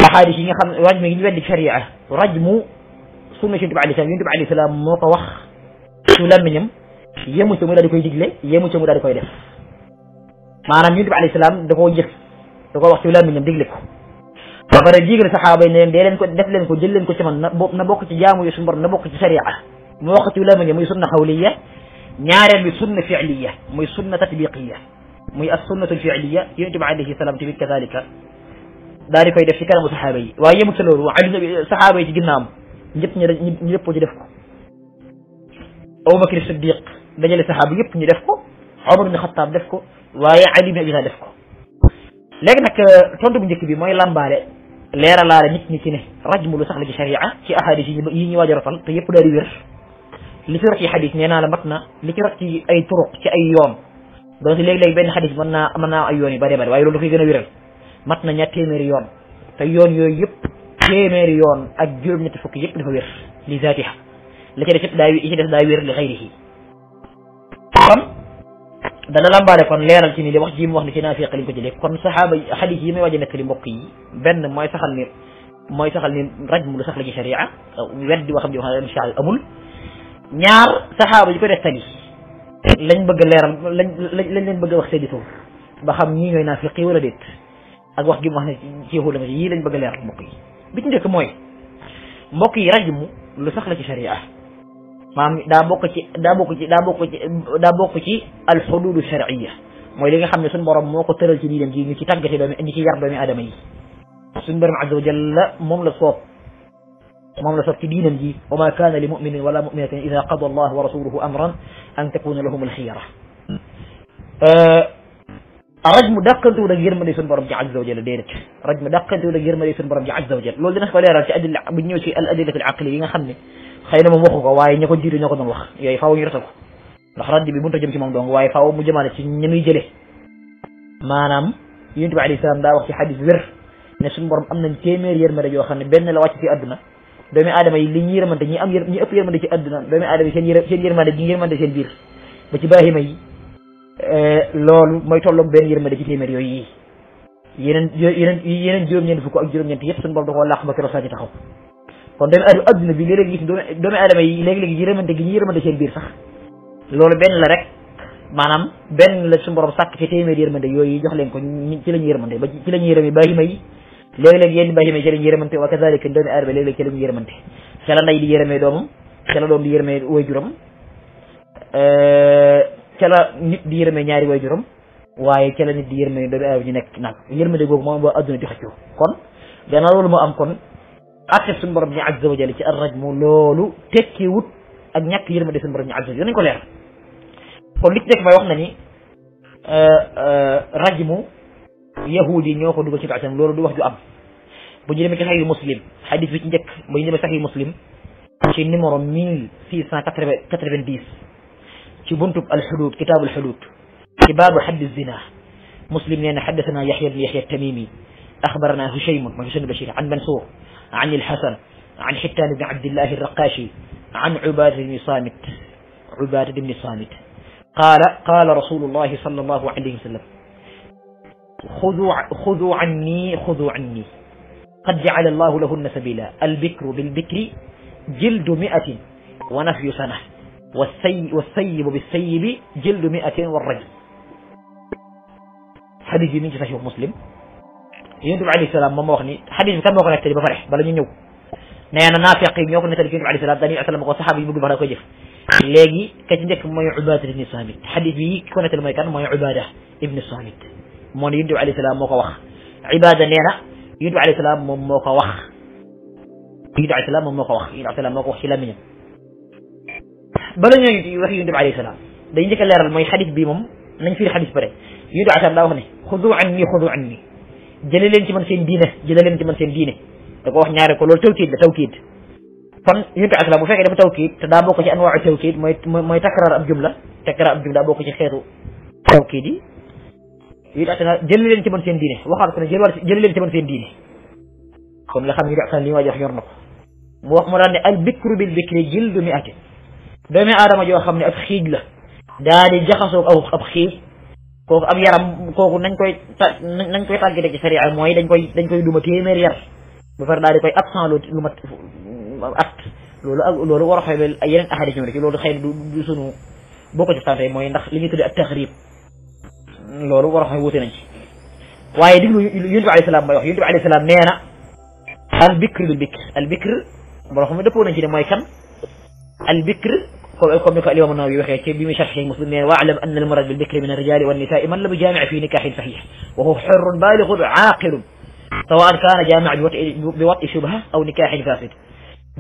B: axaadis yi nga xam rajm yi ñu weddi sharia rajmu sunna si yonent bi alayhi salaam yonent bi salaam moo ko wax su làmmiñam yemu ca mu daal di koy digle yemu ca mu daal di koy def maanaam yonent bi alayhi salaam da koo jëf da koo wax ci làmmiñam digle ko ba pare digal saxaaba yi ne ko def leen ko jël leen ko na bokk ci jaamu yu suñu borom na bokk ci sharia moo wax ci làmmiñam muy sunna xawliya ñaareel bi sunna fi'liya muy sunna tatbiqiya muy as sunnatul fi'liya yonente bi alayhi salaam tamit kadalika daal di koy def ci kanamu saxaaba yi waaye yemut sa loolu ali saxaaba yi ci ginnaawam ñëpp ñu ñëpp ñu def ko Abubakar Siddiq dajale saxaaba yëpp ñu def ko Omar ibn Xattaab def ko waaye Ali ibn Abi Talib def ko léegi nag tontu bu njëkk bi mooy lambaale leeralaale nit ñi ci ne rajmu lu sax la ci sharia ci ahadis yi ñu waaj a rotal te yëpp daal di wér li ci rot yi xadis nee naa la mat na li ci rot ci ay turuq ci ay yoon donc léeg-léeg benn xadis mën naa mën naa ay yoon yi bare bare waaye loolu dafay gën a wéral mat na ñaar téeméeri yoon te yoon yooyu yëpp téeméeri yoon ak juróom-ñetti fukki yëpp dafa wér li zaatiha li ci des yëpp daa li ci des daa wér li xayrihi kon dana lambaale kon leeral ci ni li wax ji mu wax ni ci naafiq liñ ko jëlee kon saxaaba xadis yi may waaj a nekk li mbokk yi benn mooy saxal ni mooy saxal ni raj mu lu sax la ci sharia wedd di waxam ji wax insha Allah amul ñaar saxaaba yi ko nettali lañ bëgg leeral lañ lañ leen bëgg wax seeni tur ba xam ñii ñooy naafiqi wala déet ak wax gi mu wax ci yahuud la yii lañ bëgg leeral mbokk yi bi ci njëkk mooy mbokk yi rajmu lu sax la ci sharia maam daa bokk ci daa bokk ci daa bokk ci daa bokk ci al xududu sharciya mooy li nga xam ne suñu borom moo ko tëral ci diinam ji ñu ci tàggate doomi ñu ci yar doomi aadama yi suñu borom azza wa jalla moom la soob اللهم نصرت دينا دي وما كان لمؤمن ولا مؤمنة إذا قضى الله ورسوله أمرا أن تكون لهم الخيرة أه، رجم دقن تولى جرم ليسن برب عز وجل ديرك رجم دقن تولى جرم ليسن برب عز وجل لو دنا خبالي رأسي أدل من الأدلة العقلية خمني خينا موخو قواي نيكو جيري نيكو دنوخ يأي فاو نيرتوك نخرج بمون رجم دون قواي فاو مجمالة نمي جلي ما نام ينتبع عليه السلام دا وقت حديث ور نسن برم أمنا تيمير يرمي رجو خمني بين الواجه أدنى doomi aadama yi li ñu yërmande ñi am ñi ëpp yërmande ci àdduna doomi aadama yi seen yër seen yërmande ñi yërmande seen biir ba ci baahima yi eh, loolu mooy tolloog benn yërmande ci téeméer yooyu yi yeneen yeneen yeneen juróom-ñeent fukk ak juróom-ñeent yëpp suñu bopp da koo làq ba keroog saa ci taxaw kon doomi aadama àdduna bi léeg-léeg gis doomi aadama yi léegi-léegi yërmande gi ñu yërmande seen biir sax loolu benn la rek maanaam benn la suñu borom sàkk ci téeméer yërmande yooyu yi jox leen ko ci lañu yërmande ba ci lañu yërëme baahima yi léeg-léeg yéen mbay mi ci lañu yërëmante wa kazalika doomi aadama léeg-léeg ci la nday di yërëmee doomam ca la doom di yërëmee waajuram euh, ca la nit di yërëmee ñaari waajuram waaye ca la nit di yërëmee doomi aadama ñu nekk nag yërmande googu moom ba adduna di xëccoo kon gannaaw loolu moo am kon atte suñu borom ñi azza wa jalla ci arrajmu loolu tekki wut ak ñàkk yërmande suñu borom ñi azza nañ ko leer kon li ci nekk may wax na ni euh, euh, rajmu yahuud yi ñoo ko dugal ci bid'atam lolu du wax ju am bu ñu demé ci saxiyu muslim hadith bi ci ñek bu ñu demé sahih muslim ci numéro 1690 ci buntu al hudud kitab al hudud ci babu hadd al zina muslim nee hadathana yahya yaxya yahya tamimi axbaranaa hushaymun mooy husayn bashir an mansuur an ilxasan an xittaan bni abdillahi arraqaashi an ubaadata bni saamit ubaadata bni saamit qaala قال rasulu llahi sal allahu alayhi wa sallam خذوا خذوا عني خذوا عني قد جعل الله لهن سبيلا البكر بالبكر جلد مئة ونفي سنة والسي والسيب بالسيب جلد مئة والرجل حديث من جسد مسلم ينتب عليه السلام ما حديث كم مغني تلي بفرح بل ينو نانا نعم، نافع قيم يوكن تلي ينتب عليه السلام داني أسلم وقال صحابي بقبرة كجف لاجي كتنجك ما يعباد ابن الصامت حديث بيك كونت الميكان ما يعباده ابن الصامت مون يدعو عليه السلام موكو واخ عباده نينا يدعو عليه السلام موم موكو يدعو عليه السلام موم موكو يدعو عليه السلام موكو واخ سلامي بالا يدعو عليه السلام دا نجي كليرال موي حديث بي موم في الحديث بري يدعو عليه السلام واخني خذوا عني خذوا عني جلي لين سي سين دينه جلي لين سي سين دينه داكو واخ نياري كو لول توكيد فان يدعو السلام بو فكي دا توكيد انواع التوكيد موي موي تكرار ام جمله تكرار ام جمله توكيدي yi daate na jëli leen ci man seen diine waxaat ko ne jëli leen ci kon nga xam ne daate na li waa jox yor na ko mu wax mu daan aadama joo xam ne ab xiij la daa di jaxasoo aw ab xiij kooku ab yaram kooku nañ koy ta nañ koy tàggate ci sariya mooy dañ koy dañ koy duma téeméer yar ba far daal di koy absent lu mat at loolu ak loolu war a xoolee ay yeneen ahadis ñëw loolu xëy du sunu boo ko ci tàntee mooy ndax li ñuy tuddee ak loolu war xam wuute nañ ci waaye déglu yonent bi alayhi salaam mooy wax yonent bi alayhi salaam nee na al bikr lu bikr al bikr boo xam ne dëppoo nañ ci ne mooy kan al bikr comme comme ni ko alimaam Nawawi waxee ci bi muy sarx Sahih Muslim nee na waalam anna al murad bil bikri min ar-rijaali wan nisaa'i man lam jaami' fi nikaahin sahiih wa huwa hurrun baalighun aaqilun sawaan kaana jaami' bi wat'i shubha aw nikaahin faasid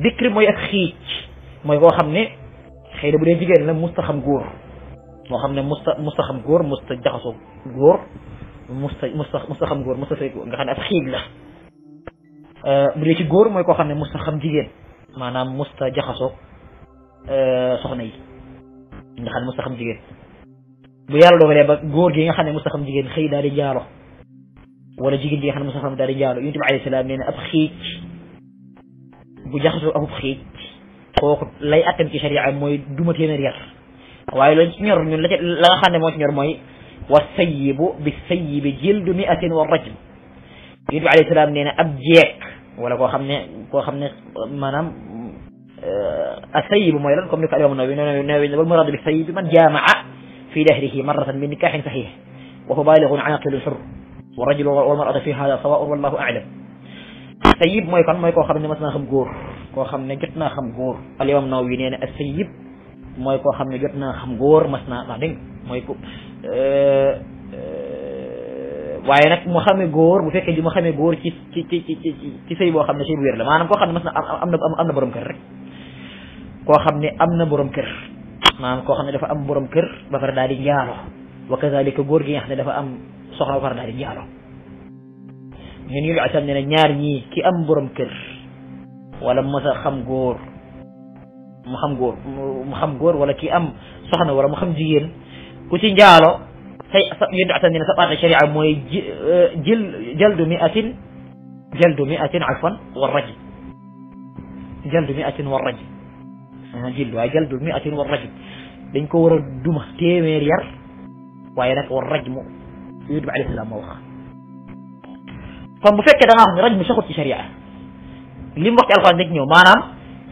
B: bikr mooy ak xiic mooy koo xam ne xëy na bu dee jigéen la musta xam góor moo xam ne musta musta xam góor musta jaxasoo góor musta musta musta góor musta sëy nga xam ne ab xiib la bu dee ci góor mooy koo xam ne musta xam jigéen maanaam musta jaxasoo soxna yi nga xam ne musta jigéen bu yàlla dogalee ba góor gi nga xam ne musta jigéen xëy daal di jaalo wala jigéen gi nga xam ne musta xam daal di jaalo yonent bi alayhi salaam nee na ab xiic bu jaxasoo abub xiic kooku lay attam ci sharia mooy duma téeméer yar waaye la ñor ñun la la nga xam ne moo ci ñor mooy wa sayyibu bi sayyibi jildu miatin wa rajm yonent bi alayhi salaam nee na ab jeeg wala koo xam ne koo xam ne maanaam السيب ميلا كم يفعل النبي النبي والمراد بالسيب من جامع في دهره مرة بنكاح صحيح وهو بالغ عاقل حر والرجل والمرأة في هذا سواء والله أعلم السيب ما يكون ما يكون خمنا مثلا خم جور كو خمنا جتنا خم جور اليوم ناوي السيب mooy koo xam ne jot naa xam góor mas naa wax dégg mooy ko euh, euh, waaye nag mu xamee góor bu fekkee ji mu xamee góor ci ci ci ci ci sëy boo xam ne sëy bu wér la maanaam koo xam ne mas na am na am na borom kër rek koo xam ne am na boroom kër maanaam koo xam ne dafa am boroom kër ba pare daal di njaalo wa kazalika góor gi nga xam ne dafa am soxla ba pare daal di njaalo ñun ñu lu asam ne ñaar ñii ki am boroom kër wala mas a xam góor mu xam góor mu xam góor wala ki am soxna wala mu xam jigéen ku ci njaalo say ñu daatan ni ne sa baata sharia mooy jël jaldu miatin jaldu miatin afwan war raj jaldu miatin war raj jël waaye jaldu miatin war raj dañ ko war a duma téeméer yar waaye nag war raj mu yudub alayhi salaam moo wax kon bu fekkee da ngaa xam ne raj mu saxut ci sharia li mu wax ci alxuraan dañ ñëw maanaam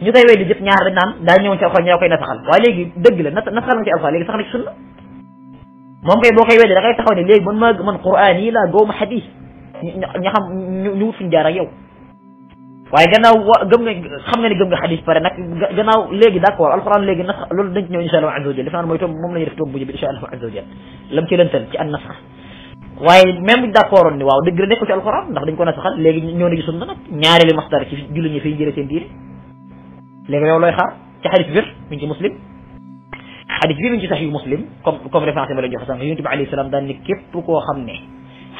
B: ñu koy weddi jëpp ñaar naan daa ñëwoon ci alxuraan ñoo koy nasaxal waaye léegi dëgg la nasaxal nga ci na ci sunna moom koy boo koy weddi da ngay taxaw ne léegi man maa man xam ñu wut suñ jaar ak yow waaye gannaaw wa gëm nga xam nga ne gëm nga xadis pare nag gannaaw léegi d'accord alxuraan léegi nas loolu dañ ci ñëw insha allah azza moom la ñuy def toog bu jëbi insha wa jal lam ci ndax dañ ko nasaxal léegi ñoo na gi sunna nag ñaareelu masdar ci julli ñi fiy jëlee seen diine لغا لو لوي خا تي حديث بير من جي مسلم حديث بير من جي صحيح مسلم كوم كوم ريفانس مالا جوخ سانك يونتو عليه السلام دا ني كيب كو خامني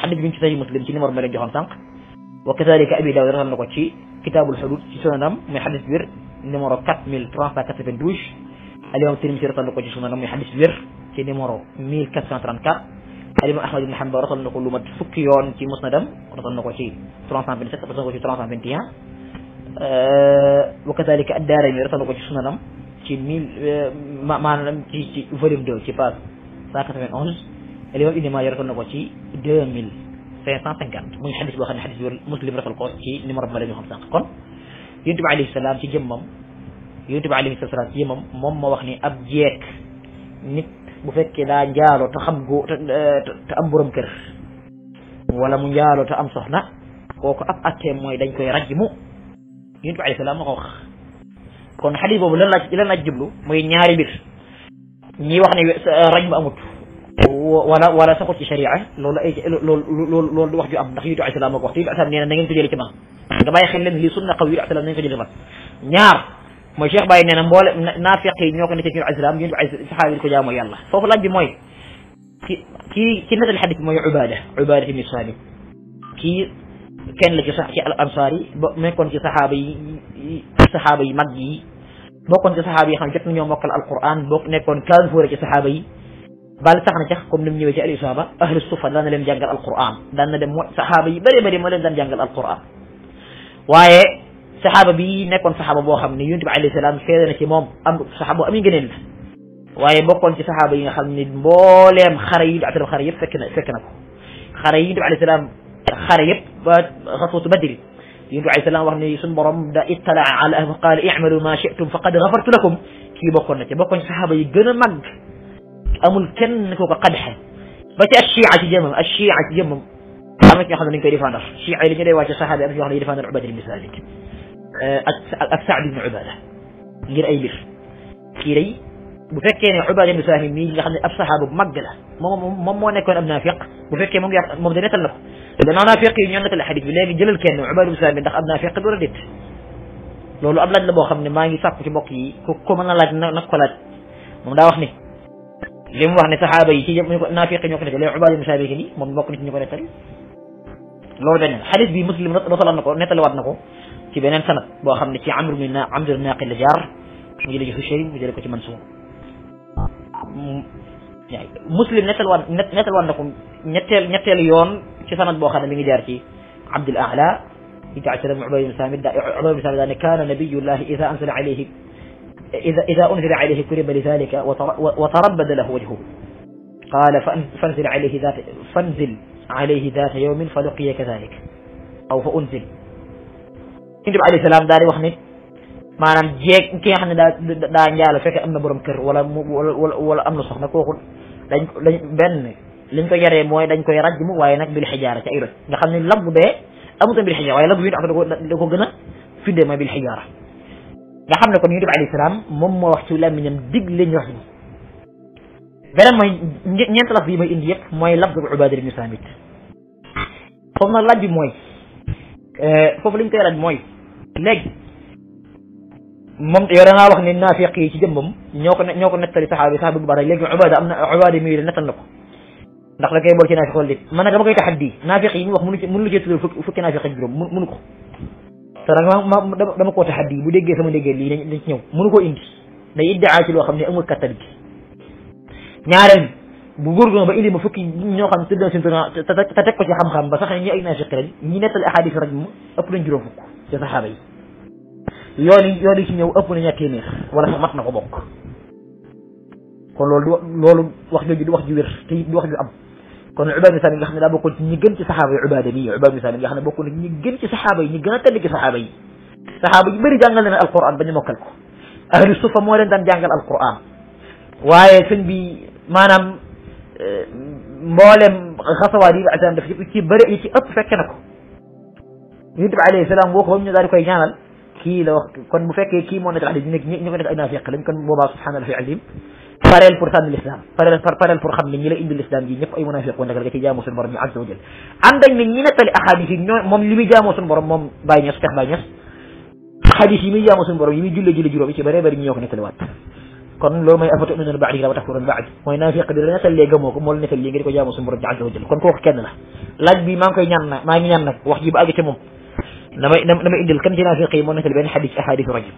B: حديث بير من جي صحيح مسلم تي نمر مالا جوخ سانك وكذلك ابي داود رحمه الله تي كتاب الحدود تي سنانام مي حديث بير نمر 4392 اليوم تيرمي رسول الله صلى الله عليه حديث بير تي نمر 1434 الإمام أحمد بن حنبل رسل نقول له يون في مسندم رسل نقول ترانسان بن آه، وكذلك الدار يرى تلقى جسنا نم كي ميل آه، ما ما نم كي كي فوليم دو كي باس ساكة من أونز اللي هو إني ما يرى تلقى كي دو ميل سيسان تنقان من حديث بوخان حديث مسلم رفل قوت كي نمر بمالي مخمسا قن يوتيوب عليه السلام كي جمم يوتيوب عليه السلام كي جمم مم وخني أب جيك نت بفكي لا جالو تخبغو آه، تأمبرم كر ولا من جالو تأم صحنا كوكو أب أتيم ويدن كوي رجمو yunus bi alayhi salaam moo ko wax kon hadith bobu lan la lan la jublu mooy ñaari bir ñi wax ne rajm amut wala wala saxut ci sharia lolu ay lolu lolu du wax ju am ndax yunus bi alayhi salaam moo ko wax ci asan neena alayhi ngeen ko jëlee ci ma da baye xel len li sunna xaw yonent alayhi salaam ngeen ko jëlee ci ñaar moy Cheikh Baye neena na mboole naafiq yi ñoo ko ci yunus bi salam yunus yonent salam saxaabi ko jamo yàlla fofu laj bi moy ki ki ki nata hadith moy ubada ubada Ubaada ibn Saamit kii كان لك صحابي الأنصاري ما كنت صحابي صحابي مجي ما كنت صحابي خم جت من يوم مقل القرآن بق نكون كلام فورك صحابي بل تحن تحكم من يوم جاء الإصابة أهل الصفة لأن لم جنجل القرآن لأن لم صحابي بري بري ما لم جنجل القرآن واي صحابة بي نكون صحابة بو خم نيون تبع عليه السلام كيدا نكي موم أم صحابة أمين جنين واي بقون تي صحابة ينخل من بوليم خريد عبد الخريب سكن سكنكو خريد عليه السلام xare yëpp ba xasootu badri yuntu alayhi salaam wax ni suñ borom da ittala ala ahli qaal i'malu ma shi'tum faqad ghafartu lakum kii bokkoon na ci bokkoon ci saxaaba yi gën a mag amul kenn ko ko qadxe ba ci ashia ci jëmmam ashia ci jëmmam am na ci ñoo xam ne dañ koy défendre shia yi li ñu day wàcce saxaaba am na ci ñoo xam ne dañuy défendre ubada ibn salik ak ak saad ibn ubada ngir ay mbir kii day bu fekkee ne ubada ibn salik mii nga xam ne ab saxaaba bu mag la moom moom moo nekkoon ab naafiq bu fekkee moom ngi moom da nettal na ko إذا أنا فيقي نيانة الحديث بلا من جلل كأنه عمر وسامي دخل أبناء فيقي وردت لولو أبلا دلبو خمني ما يجي ساكو شبوكي كوكو من الله نقلت من داوخني لم وحني صحابة يشي نافيقي نيوكنا جلل عمر وسامي كني من موقنت نيوكنا تري لولو دانيال حديث بي مسلم نطلع نقو نطلع نقو كي بينان سنة بو خمني كي عمر من عمر الناقل جار مجلجه الشريم مجلجه كي منصور يعني مسلم نتل نتل وان نتل نتل يون شو سمت بوخا نبي نجار عبد الاعلى يجي عشان ابن عبيد المسامد دا عبيد المسامد ان كان نبي الله اذا انزل عليه اذا اذا انزل عليه كرب لذلك وتربد له وجهه قال فانزل عليه ذات فانزل عليه ذات يوم فلقي كذلك او فانزل كنت عليه السلام داري وحني ما نجيك جيك كي خن دا دا نيا فك ام برمكر كير ولا ولا ولا ام لو dañ ko dañ benn liñ ko yaree mooy dañ koy mu waaye nag bil xijaara ci ay roj nga xam ne lab bee amuta bil xijaara waaye lab bi dafa da ko gën a fiddee mooy bil xijaara nga xam ne kon yonent bi alayhi salaam moom moo wax ci làmmiñam digle ñu rajmu beneen mooy ñeent laf yi may indi yëpp mooy lab bu Ubaada ibn Saamit foofu bi mooy euh, foofu liñ koy raj mooy mom yow dangaa wax ni nafiqi ci dem mom ñoko ñoko ko sahabi sahabu bara legi ubada amna ubada mi am na ubaada ndax la kay bo ci naafiq wala man nga bakay koy nafiqi naafiq ñu wax mu mu lu la cee tuddal fukki fukki naafiq ak juróom mënu ko te rag ma dama ko taxaddi bu degge sama degge li dañ ci ñëw mënu koo indi day iddaa ci lo xamni amul katal bi ñaareel bu góorgóorlu ba indi ma fukki ñoo xam ne tudd na ta tek ko ci xam-xam ba sax ñi ay nafiqi lañ ñi netal ahadith rek mu ëpp nañ juróom fukk ci sahabi yi yoon yi yoon yi ci ñëw ëpp na ñetti téeméer wala sax mat na ko bokk kon loolu du loolu wax jooju du wax ju wér te it du wax ju am kon Ubaada Misaan yi nga xam ne daa bokkoon ci ñi gën ci saxaaba yi Ubaada nii Ubaada Misaan yi nga xam ne bokkoon ci ñi gën ci saxaaba yi ñi gën a tedd ci saxaaba yi saxaaba yi bëri jàngal leen alquran ba ñu mokkal ko ahlu sufa moo leen daan jàngal alquran waaye sëñ bi maanaam mboolem xasawaat yi ba daf ci bëri yi ci ëpp fekke na ko yonent bi alayhi salaam woo ko ba mu ñu daal di koy ñaanal kii la wax kon bu fekkee kii moo nekk xadis naafiq lañ kon boobaa subhanallah fi alim pareel pour sànni l'islam pareel pareel pour xam ne ji ne ñi nettali ahadis kon loolu mooy afatu minuna baadi la baadi mooy naafiq bi la ko moo la nettal ko jaamoo suñu borom ñu azza wa jal kon maa ngi koy ñaan nag maa ngi moom damay damay indil kan ci naafiq yi moo nettali benn xadis ahadithu rajul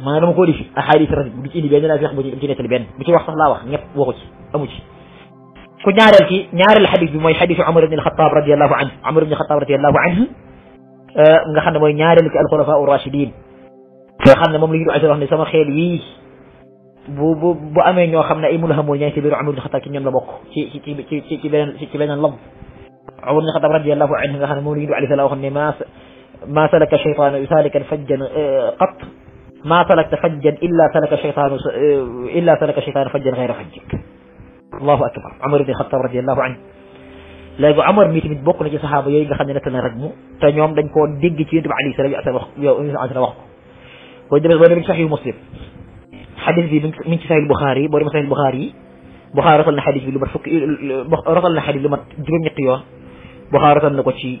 B: maanaam dama ci indi benn naafiq bu ci nettali benn bu ci wax sax laa wax ñëpp waxu ci amu ku ñaareel ki ñaareel xadis bi mooy xadisu Umar ibn al-Xattaab radiyallahu anhu Umar ibn al-Xattaab radiyallahu anhu nga xam ne mooy ñaareel ki al-xulafaa ar-raashidiin nga xam ne moom la ñu doon wax ne sama xeel yii bu bu bu amee ñoo xam ne ay mulhamoon ñaa ngi ci biir la bokk ci ci ci ci ci beneen ci beneen lam Umar ibn ne moom ما سلك الشيطان يسالك الفجا آه، قط ما سلكت فجا الا سلك الشيطان آه، الا سلك الشيطان فجا غير فجك الله اكبر عمر بن الخطاب رضي الله عنه لا يقول عمر ميت ميت بوك نجي صحابه يي خا نتا نرجمو تا نيوم دنج كو ديغ سي يوسف علي صلى الله عليه وسلم كو ديبس بو نمي صحيح مسلم حديث بي من صحيح البخاري بو صحيح البخاري بخاري رسلنا حديث بي لو فك رسلنا حديث لو جوم نيت يون بخاري رسلنا كو سي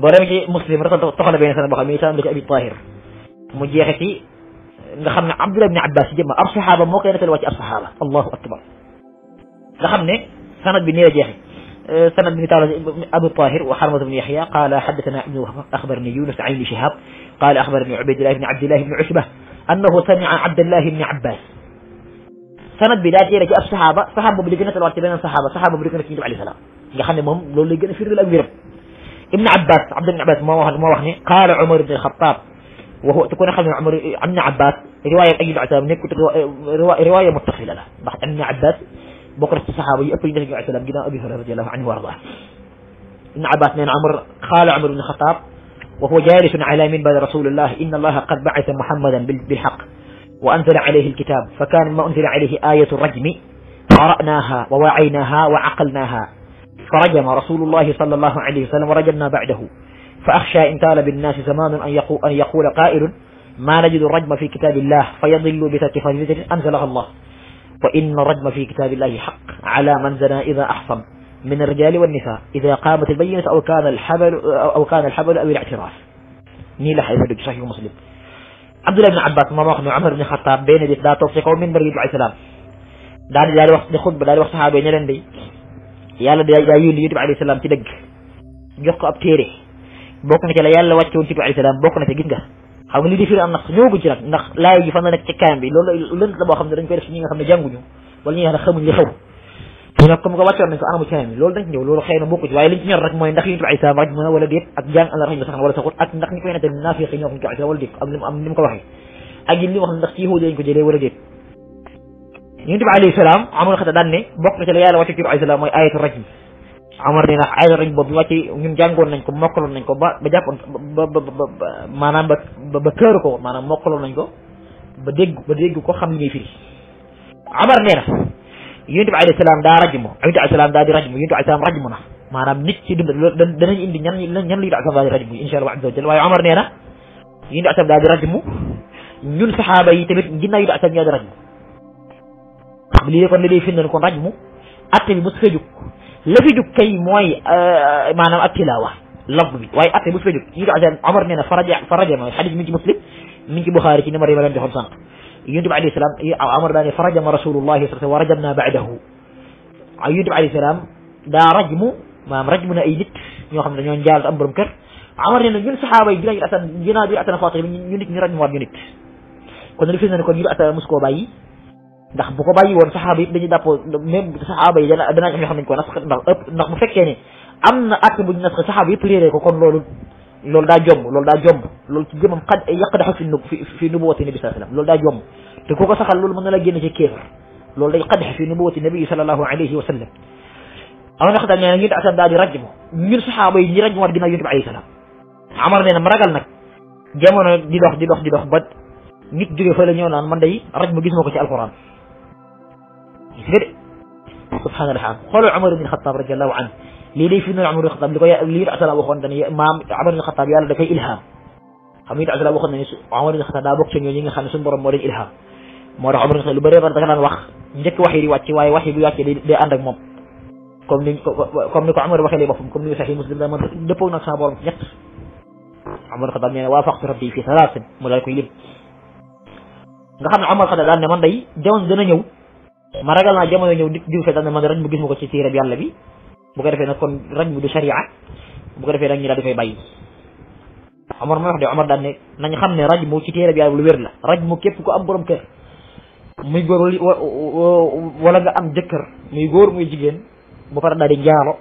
B: boo مسلم ci muslim rek toxal benn sanad boo xam ne sanad bi ko abi tahir mu jeexe ci nga xam ne abdullah abbas si jëmma ab saxaaba moo koy nettali wax ci ab ne sanad bi سند بن أبو طاهر وحرمة بن يحيى قال حدثنا ابن أخبرني يونس عن شهاب قال أخبرني عبد الله بن عبد الله بن عشبة أنه سمع عبد الله بن عباس سند بلاد إيرا جاء الصحابة صحابة بلغنة الوقت صحابة صحابة بلغنة النبي عليه السلام يا مهم لو لغنة في الأبيض ابن عباس عبد بن عباس ما وهني قال عمر بن الخطاب وهو تكون أخذ من عمر ابن عباس رواية أي العتاب منك رواية متصلة له بحث ابن عباس بكرة الصحابي أبي النبي عليه السلام أبي هريرة رضي الله عنه وأرضاه ابن عباس من عمر قال عمر بن الخطاب وهو جالس على منبر رسول الله إن الله قد بعث محمدا بالحق وأنزل عليه الكتاب فكان ما أنزل عليه آية الرجم قرأناها ووعيناها وعقلناها فرجم رسول الله صلى الله عليه وسلم ورجمنا بعده فأخشى إن تال بالناس زمان أن يقول قائل ما نجد الرجم في كتاب الله فيضل بتكفير أنزلها الله وإن الرجم في كتاب الله حق على من زنى إذا أحصن من الرجال والنساء إذا قامت البينة أو كان الحبل أو كان الحبل أو الاعتراف نيل حيفدك صحيح مسلم عبد الله بن عباس ما بن عمر بن ibn بين benn bés daa toog ci kaw minbar bi دار salaam daal di daal di wax yàlla da daa yónni yonent bi alayhi salaam ci dëgg jox ko ab téere bokk na ci la yàlla wàcce woon ci bi alayhi salaam bokk na ci gis nga xam nga li di firi am nax ñëwaguñ ci nag ndax laay ji fan la nekk ci kaam bi loolu lënt la boo xam ne dañ koy def ñi nga xam ne jànguñu wala ñi nga xam ne xamuñ li xew ñu nag comme que wàccoon nañ ko anamu ci kaam bi loolu dañ ci ñëw loolu xëy na bokku ci waaye liñ ci ñor rek mooy ndax yonent bi alayhi salaam raj mën a wala déet ak jàng àlla rañ bi sax wala saxut ak ndax ñi koy nettali naafiq yi ñoo xam ne wala déet am li mu ko waxee ak yi li mu wax ndax ci yahuud lañ ko jëlee wala déet yonent bi alayhi salaam amul xata daan ne bokk na ci la yàlla wàcce ci alayhi salaam mooy ayatu rajm amar ne ndax ayatu rajm boobu ñu wàcce ñun jàngoon nañ ko mokkaloon nañ ko ba ba jàppoon ba ba ba maanaam ba ba këru ko maanaam mokkaloon nañ ko ba dégg ba dégg ko xam li ñuy firi amar nee na yonent bi alayhi salaam daa rajm yonent bi alayhi salaam daa di rajm yonent bi alayhi salaam rajm na maanaam nit ci dund danañ indi ñan ñan la yonent bi alayhi salaam daa di rajm insha allah azza wa jalla waaye amar nee na yonent bi alayhi salaam daa di rajm ñun saxaaba yi tamit ginnaaw yonent bi alayhi salaam ñoo di rajm xam lii kon li day firndeel kon rajmu atte bi mos fa jug la fi kay mooy euh, maanaam tilaawa lafz bi waaye atte bi a fa jug ñu ko aseen Omar nee na faraja faraja mooy xadis mi ngi ci muslim mi ngi ci Buxaari ci numéro yi ma leen joxoon sànq yonent daa ne farajama rasulullahi sallallahu alayhi wa rajmu rajmu na ay nit ñoo xam ne dañoo njaal am borom kër Omar na ñun saxaaba yi dinañ asan dinaa dina asan Fatima ñu nit ñu rajmu waat koo bàyyi ndax bu ko bàyyi woon saxaaba yëpp dañuy dàpp même saxaaba yi am xam ko nas ndax ëpp ndax bu fekkee na àtte bu ñu nas yëpp réeree ko kon loolu loolu daa jomb lool daa jomb loolu ci jëmam xaj yàq dafa fi nub fi fi nubuwati nabi sallallahu alayhi wasallam daa jomb te ku ko saxal loolu mën na la génn ci kéefar loolu day xadax fi nubuwati nabi sallallahu a wa sallam amar waxtaan nee na ñun asam daal di yi ñi rajmu waat ginnaaw ma ragal nag jamono di dox di dox di dox ba nit jóge fa la ñëw naan man day rajmu gis ma ko ci alquran يسرق سبحان الرحمن قال عمر بن الخطاب رجل الله عنه ليلي فينا عمر بن الخطاب لقيا لير عسل أبو خان دنيا يعني إمام عمر بن الخطاب يالله دكاي إلهام حميد عسل أبو خان دنيا يعني عمر بن الخطاب دابوك تنيو جينا خان سنبر مور إلهام مور عمر بن الخطاب لبرة برد كنا نوخ نجك وحي رواتي واي وحي بيوك يدي دي عندك مم كم نيك كم نيك عمر وحي لبفهم كم نيك صحيح مسلم دمر دبونا صابور نجك عمر الخطاب يعني وافق ربي في ثلاث ملاك يلب نحن عمر الخطاب لأن من داي جون دنيا نيو ma ragal naa jamono ñëw nit diw seetaan ne man raj bu gis ma ko ci téereb yàlla bi bu ko defee nag kon raj bu du sharia bu ko defee nag ñu daal koy bàyyi Omar mooy wax de Omar daan ne nañ xam ne raj mu ci téereb yàlla lu wér la raj mu képp ko am borom kër muy góor wala nga am jëkkër muy góor muy jigéen bu pare daal di njaalo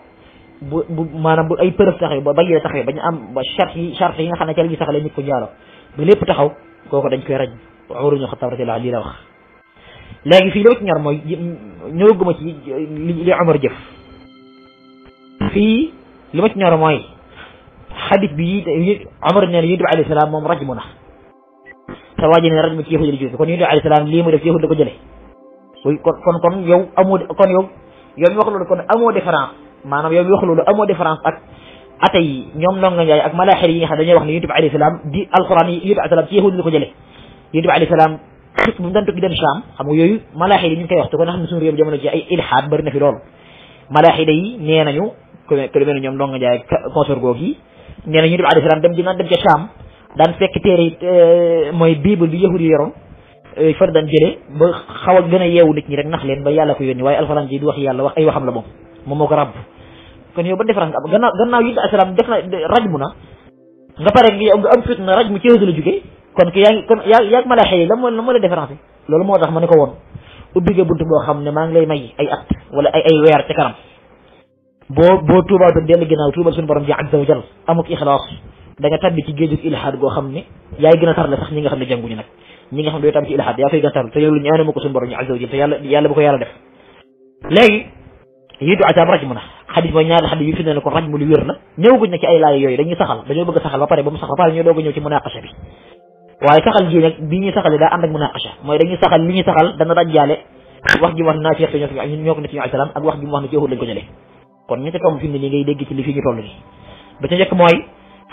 B: bu bu maanaam bu ay preuve taxawee ba bayyee taxawee ba ñu am ba charte yi charte yi nga xam ne ca la ñu saxalee ñu ko njaalo ba lépp taxaw kooko dañ koy raj Umar ibn Xattaab radiyallaahu anhu lii la wax léegi fii li ma ci ñor mooy ñëwaguma ci li Omar jëf fii li ma ci ñor mooy xadis bi Omar nee na yonent bi alayhi salaam moom rajmu na te waa ji ne rajmu ci yahudi la jóge kon yonent bi alayhi salaam lii mu def ci yahudi la ko jële kon kon yow amoo kon yow yow mi wax loolu kon amoo différence maanaam yow mi wax loolu amoo différence ak ate yi ñoom longa njaay ak malaaxir yi nga xam dañuy wax ne yonent bi alayhi salaam di alquran yi yonent bi alayhi salaam ci yahudi la ko jële yonent bi alayhi salaam xism doon tukki dem Sham xam nga yooyu malaaxida yi ñu ngi koy wax te ko nga xam ne suñu réew jamono ji ay ilhaad bëri na fi lool malaaxida yi nee nañu ku lu mel ne ñoom consor goog yi nee nañu dem alayhi dem ji naan dem ca Sham daan fekk téere mooy bible bi yahud yi yoroon far daan jëlee ba xaw a gën a yeewu nit ñi rek nax leen ba yàlla ko yónni waaye alxuraan ji du wax yàlla wax ay waxam la moom moom moo ko kon yow ba defaral nga gannaaw gannaaw yi def na raj mu na nga pare nga am fit na raj mu la jógee kon ki yaa ngi kon yaa yaa ngi mala xëy la moo la moo la différence loolu moo tax ma ne ko woon ubbi nga bunt boo xam ne maa lay may ay at wala ay ay weer ca kanam boo boo tuubaatoon dellu ginnaaw tuubal suñu borom ji azza wa jal amuk ixlaas da nga tabbi ci géejug ilhaad goo xam ne yaay gën a tarle nga xam ne jànguñu nag ñi nga xam ne dooy tam ci ilhaad yaa koy gën a tarle te loolu ñu aanamu ko suñu borom ji azza wa jal ko raj mu na xadis mooy ñaari xadis ne ko ay laay yooyu dañuy saxal dañoo bëgg saxal ba pare ba mu sax ba pare ñoo doog a ñëw ci munaqasha bi waaye saxal gi nag bi ñuy saxalee daa ànd ak munaqasha mooy dañuy saxal li ñuy saxal dana dajjaale wax ji mu wax ne naafiq ñoo ko ne ci ñoo islam ak wax ji mu wax ne ci yahud lañ ko jëlee kon ñetti tomb fi mu ne nii ngay dégg ci li fii ñu toll nii ba ca njëkk mooy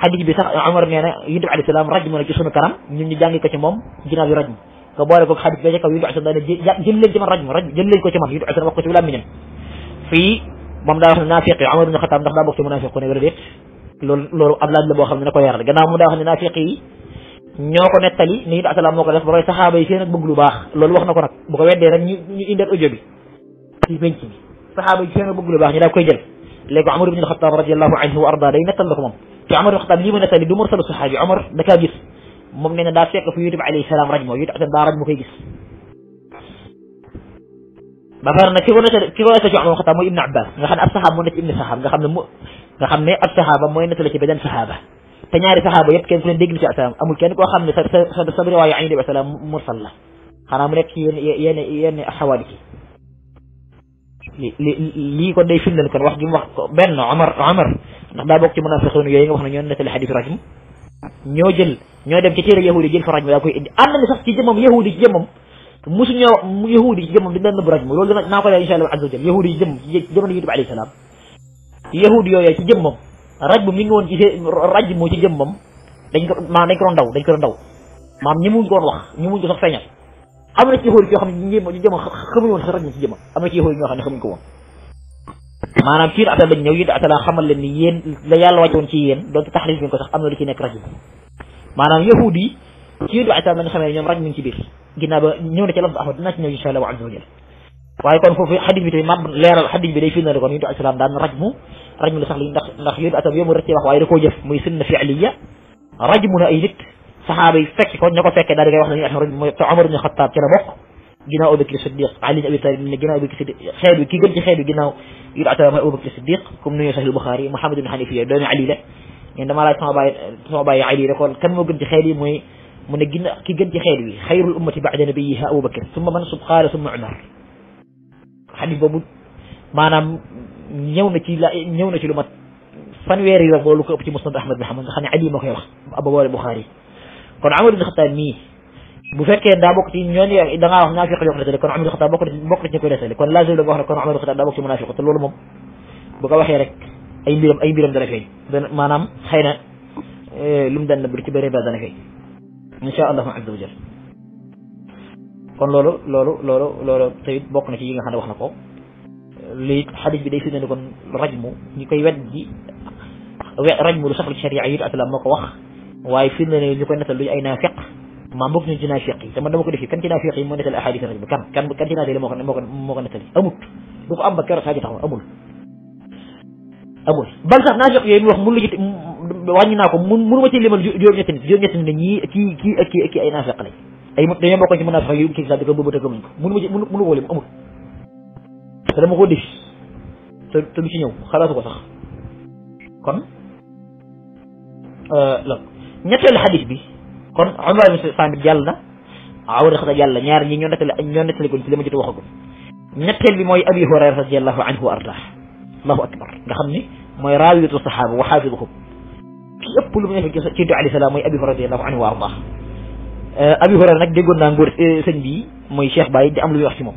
B: xadis bi sax Umar nee na yuntu bi alayhi salaam raj mu ne ci sunu kanam ñun ñu jàngi ko ci moom ginnaaw yu raj mu nga boole ko xadis ba ca kaw yuntu alayhi salaam daane jël leen ci man raj mu raj jël leen ko ci man yuntu alayhi salaam wax ko ci làmmiñam fii moom daa wax ne naafiq yi Umar ibn Xattaab ndax daa bokk ci munaafiq ku ne wala déet loolu loolu ab laaj la boo xam ne na ko yaral gannaaw mu daa wax ne naafiq yi ñoko netali ni da sala moko def boy sahaba yi seen ak bëgg lu baax loolu wax nako nak bu ko weddee rek ñu indi ak audio bi ci penc bi sahaba yi seen ak bëgg lu baax ñu da koy jël légui Omar ibn al-khattab radiyallahu anhu wa arda day nettal lakum ci moom ibn Xataab lii ma nettali du mursal saxaabi Omar da ka gis mom neena da fekk fu yutub alayhi salam rajmo moo yutub da raj mu koy gis ba far na ci wona ci wona ci Omar ibn Xataab mooy ibn Abbas nga xam ne ab saxaab moo nekk ci ibn saxaab nga xam ne nga xam ne ab sahaba moy nettali ci beneen sahaba te ñaari saxaaba yëpp kenn ku leen dégg ci asalaam amul kenn koo xam ne sa sa sa riwaayu an nabi asalaam mursal la xanaa mu nekk ci yenn yenn yenn li lii kon day firndeel kon wax ji mu wax ko benn Omar Omar ndax daa bokk ci munafiqoon yooyu nga wax ne ñoo nettali xadis rajm ñoo jël ñoo dem ci téere yahudi jël fa rajm daa koy indi am na ni sax ci jëmmam yahudi ci jëmmam musu ñoo yahudi ci jëmmam di daan nëbb rajm loolu dina naa ko leer incha allah azza wa jall yahudi ci yutub alayhi salaam yahudi yooyu ci jëmmam raj bu mi ngi woon ci raj moo ci jëmmam dañ ko maanaam dañ ko doon daw dañ ko doon daw maam ñi muñ ko woon wax ñi muñ ko sax feeñal am na ci xóor yoo xam ne ñu jëmm xamuñu woon sax raj ci jëmmam am na ci xóor ñoo xam ne xamuñu ko woon maanaam ci atal lañ ñëw yéen atalaa xamal leen ni yéen la yàlla wàcce woon ci yéen doonte taxrif ñu ko sax am na lu ci nekk raj maanaam yahud yi ci yéen atal lañ xamee ñoom raj mi ngi ci biir ginnaaw ba ñëw na ci lafz ahmad dinaa ci ñëw insha allah wa azza wa jal waaye kon foofu xadis bi tamit maam leeral xadis bi day firndeel kon yéen alayhi salaam daan raj mu رجم سخ لي ندخ ندخ يد أتبي يوم رتي وخوي ركوج في فعلية رجم لا يدك صحابي فك كون نقول فك دار جاي وحنا نحن رجم عمر نخطاب كنا بق جنا أبو بكر الصديق علي أبي طالب من جنا أبو بكر الصديق خالد كي قلت خالد جنا يد أتبي أبو بكر الصديق كم نيو سهل البخاري محمد بن حنيفية دون علي يعني لا عندما ما رأيت ما باي علي ركول كم موجود خالد مي من جنا كي قلت خالد خير الأمة بعد نبيها أبو بكر ثم من سبقال ثم عمر حديث بابو ما نام ñëw na ci la ñëw na ci lu mat fan yoon wala lu ko ëpp ci musnad Ahmad bin Hanbal nga xam ne Ali moo koy wax Abu Wali Bukhari kon Umar bin Xattaab mii bu fekkee daa bokk ci ñooñu da ngaa wax naafiq yoo ko nettali kon Umar bin Xattaab bokk na kon lazim la nga wax ne kon Umar bin Xattaab daa bokk ci munaafiq te loolu moom bu ko waxee rek ay mbiram ay mbiram dana feeñ dana maanaam xëy na eh, lu mu daan nëbb ci bëri ba dana feeñ insha allahu azza wa jal kon loolu loolu loolu loolu tamit bokk na ci yi nga xam ne wax na ko lii xadis bi day firnde ne kon rajmu ñu koy wedd ji rajmu lu sax la ci sharia yi asalaam moo ko wax waaye firnde ne ñu koy nettal luñu ay naafiq maa bokk ñu ci naafiq yi te man dama ko def yi kan ci naafiq yi moo nettal ahadis rajmu ko moo amut bal sax naafiq yooyu mu wax mun lajit wàññi naa ko mun mënu ma ci limal juróom-ñetti nit kii kii ak kii ak kii ay naafiq dañoo bokkoon ko bëbëte gëmuñ ta dama ko def te te du ci ñëw xalaatu ko sax kon euh la ñetteelu hadith bi kon Umar ibn Saamit jàll na awra xata jàll ñaar ñi ñu nekkal ñu nekkal ko ci lima jitu waxako waxagul bi moy Abi Hurayra radiyallahu anhu arda allahu akbar nga xamni moy rawiyatu sahaba wa xaafiduhum ki ep lu ngeen ci ci yonent alayhi salaam mooy Abi Hurayra radiyallahu anhu arda Abi Hurayra nak degon na ngor sëñ bi moy Cheikh Baye di am lu wax ci mom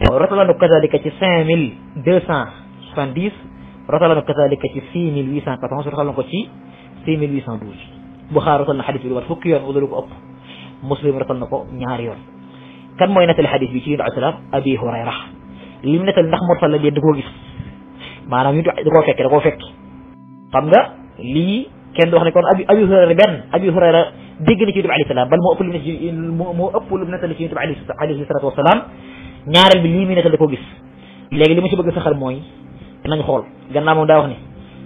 B: رطلنا كذلك في 5270 رطلنا كذلك في 6891 رطلنا في 6812 بخاري رطلنا حديث بلوات فك يوم ودلوك أب مسلم رطلنا كو نياري يوم كان موي نتل حديث بيتي عليه السلام أبي هريرة لم نتل نخ مرسل لدي دكو غيس maanaam ñu da koo fekk da koo fekk xam nga lii kenn du wax ne kon abi abi hurayra benn abi hurayra dégg na ci yunus alayhi salaam bal moo ëpp lu mu moo ëpp lu mu nettali ci yunus alayhi salatu wasalaam ñaaral bi lii muy nettali da ko gis léegi li mu ci bëgg saxal mooy nañ xool gannaaw moom daa wax ne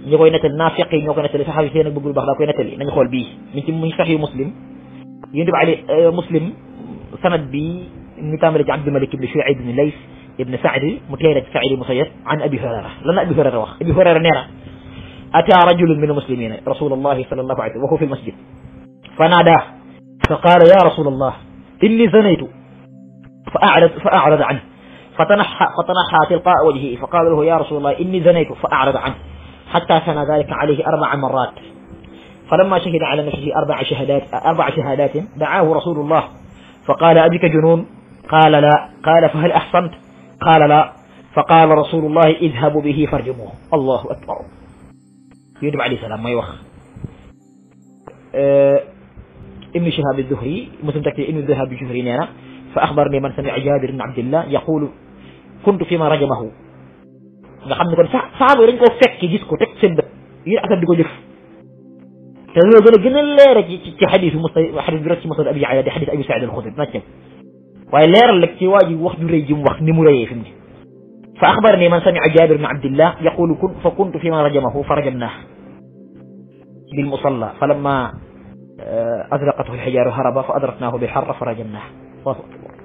B: ñi koy nettali naafiq yi ñoo koy nettali saxaaba yi seen ak bëggul baax daa koy nettali nañ xool bii mi ci muy sax yu muslim yuntu bi ali muslim sanad bi ñu tàmbale ci abdulmalik ibne shuaib ibne lays ibne saad mu teere ci said musayyad an abi hurara lan la abi hurara wax abi hurara neera na ataa rajulun min almuslimina rasul allahi sal allahu alayhi wa huwa fi almasjid fa naadaa fa qaala ya rasul allah inni zanaytu فأعرض, فأعرض عنه فتنحى, فتنحى تلقاء وجهه فقال له يا رسول الله إني زنيت فأعرض عنه حتى كان ذلك عليه أربع مرات فلما شهد على نفسه أربع شهادات أربع شهادات دعاه رسول الله فقال أبك جنون قال لا قال فهل أحصنت قال لا فقال رسول الله اذهبوا به فارجموه الله أكبر يدب عليه السلام ما يوخ آه، ابن شهاب الزهري مسلم تكتب ابن الذهب الجهري نعم فأخبرني من سمع جابر بن عبد الله يقول كنت فيما رجمه nga xam ne kon sa saaba dañ ko fekk gis ko tek seen bët yi ak di ko jëf te loolu gëna gëna léré ci ci hadith bi musta xadis bi rek ci musnad abi yaaya di xadis abi saïd al khudri dina ci way leeral lek ci waji wax ju reey jim wax ni mu rëyee fi mu fa akhbarni man samia jabir bn abdullah yaqulu kun fa kuntu fi ma rajamahu fa bil musalla falamma azraqathu al-hijaru haraba fa adraknahu bi harra rajamnah الله أكبر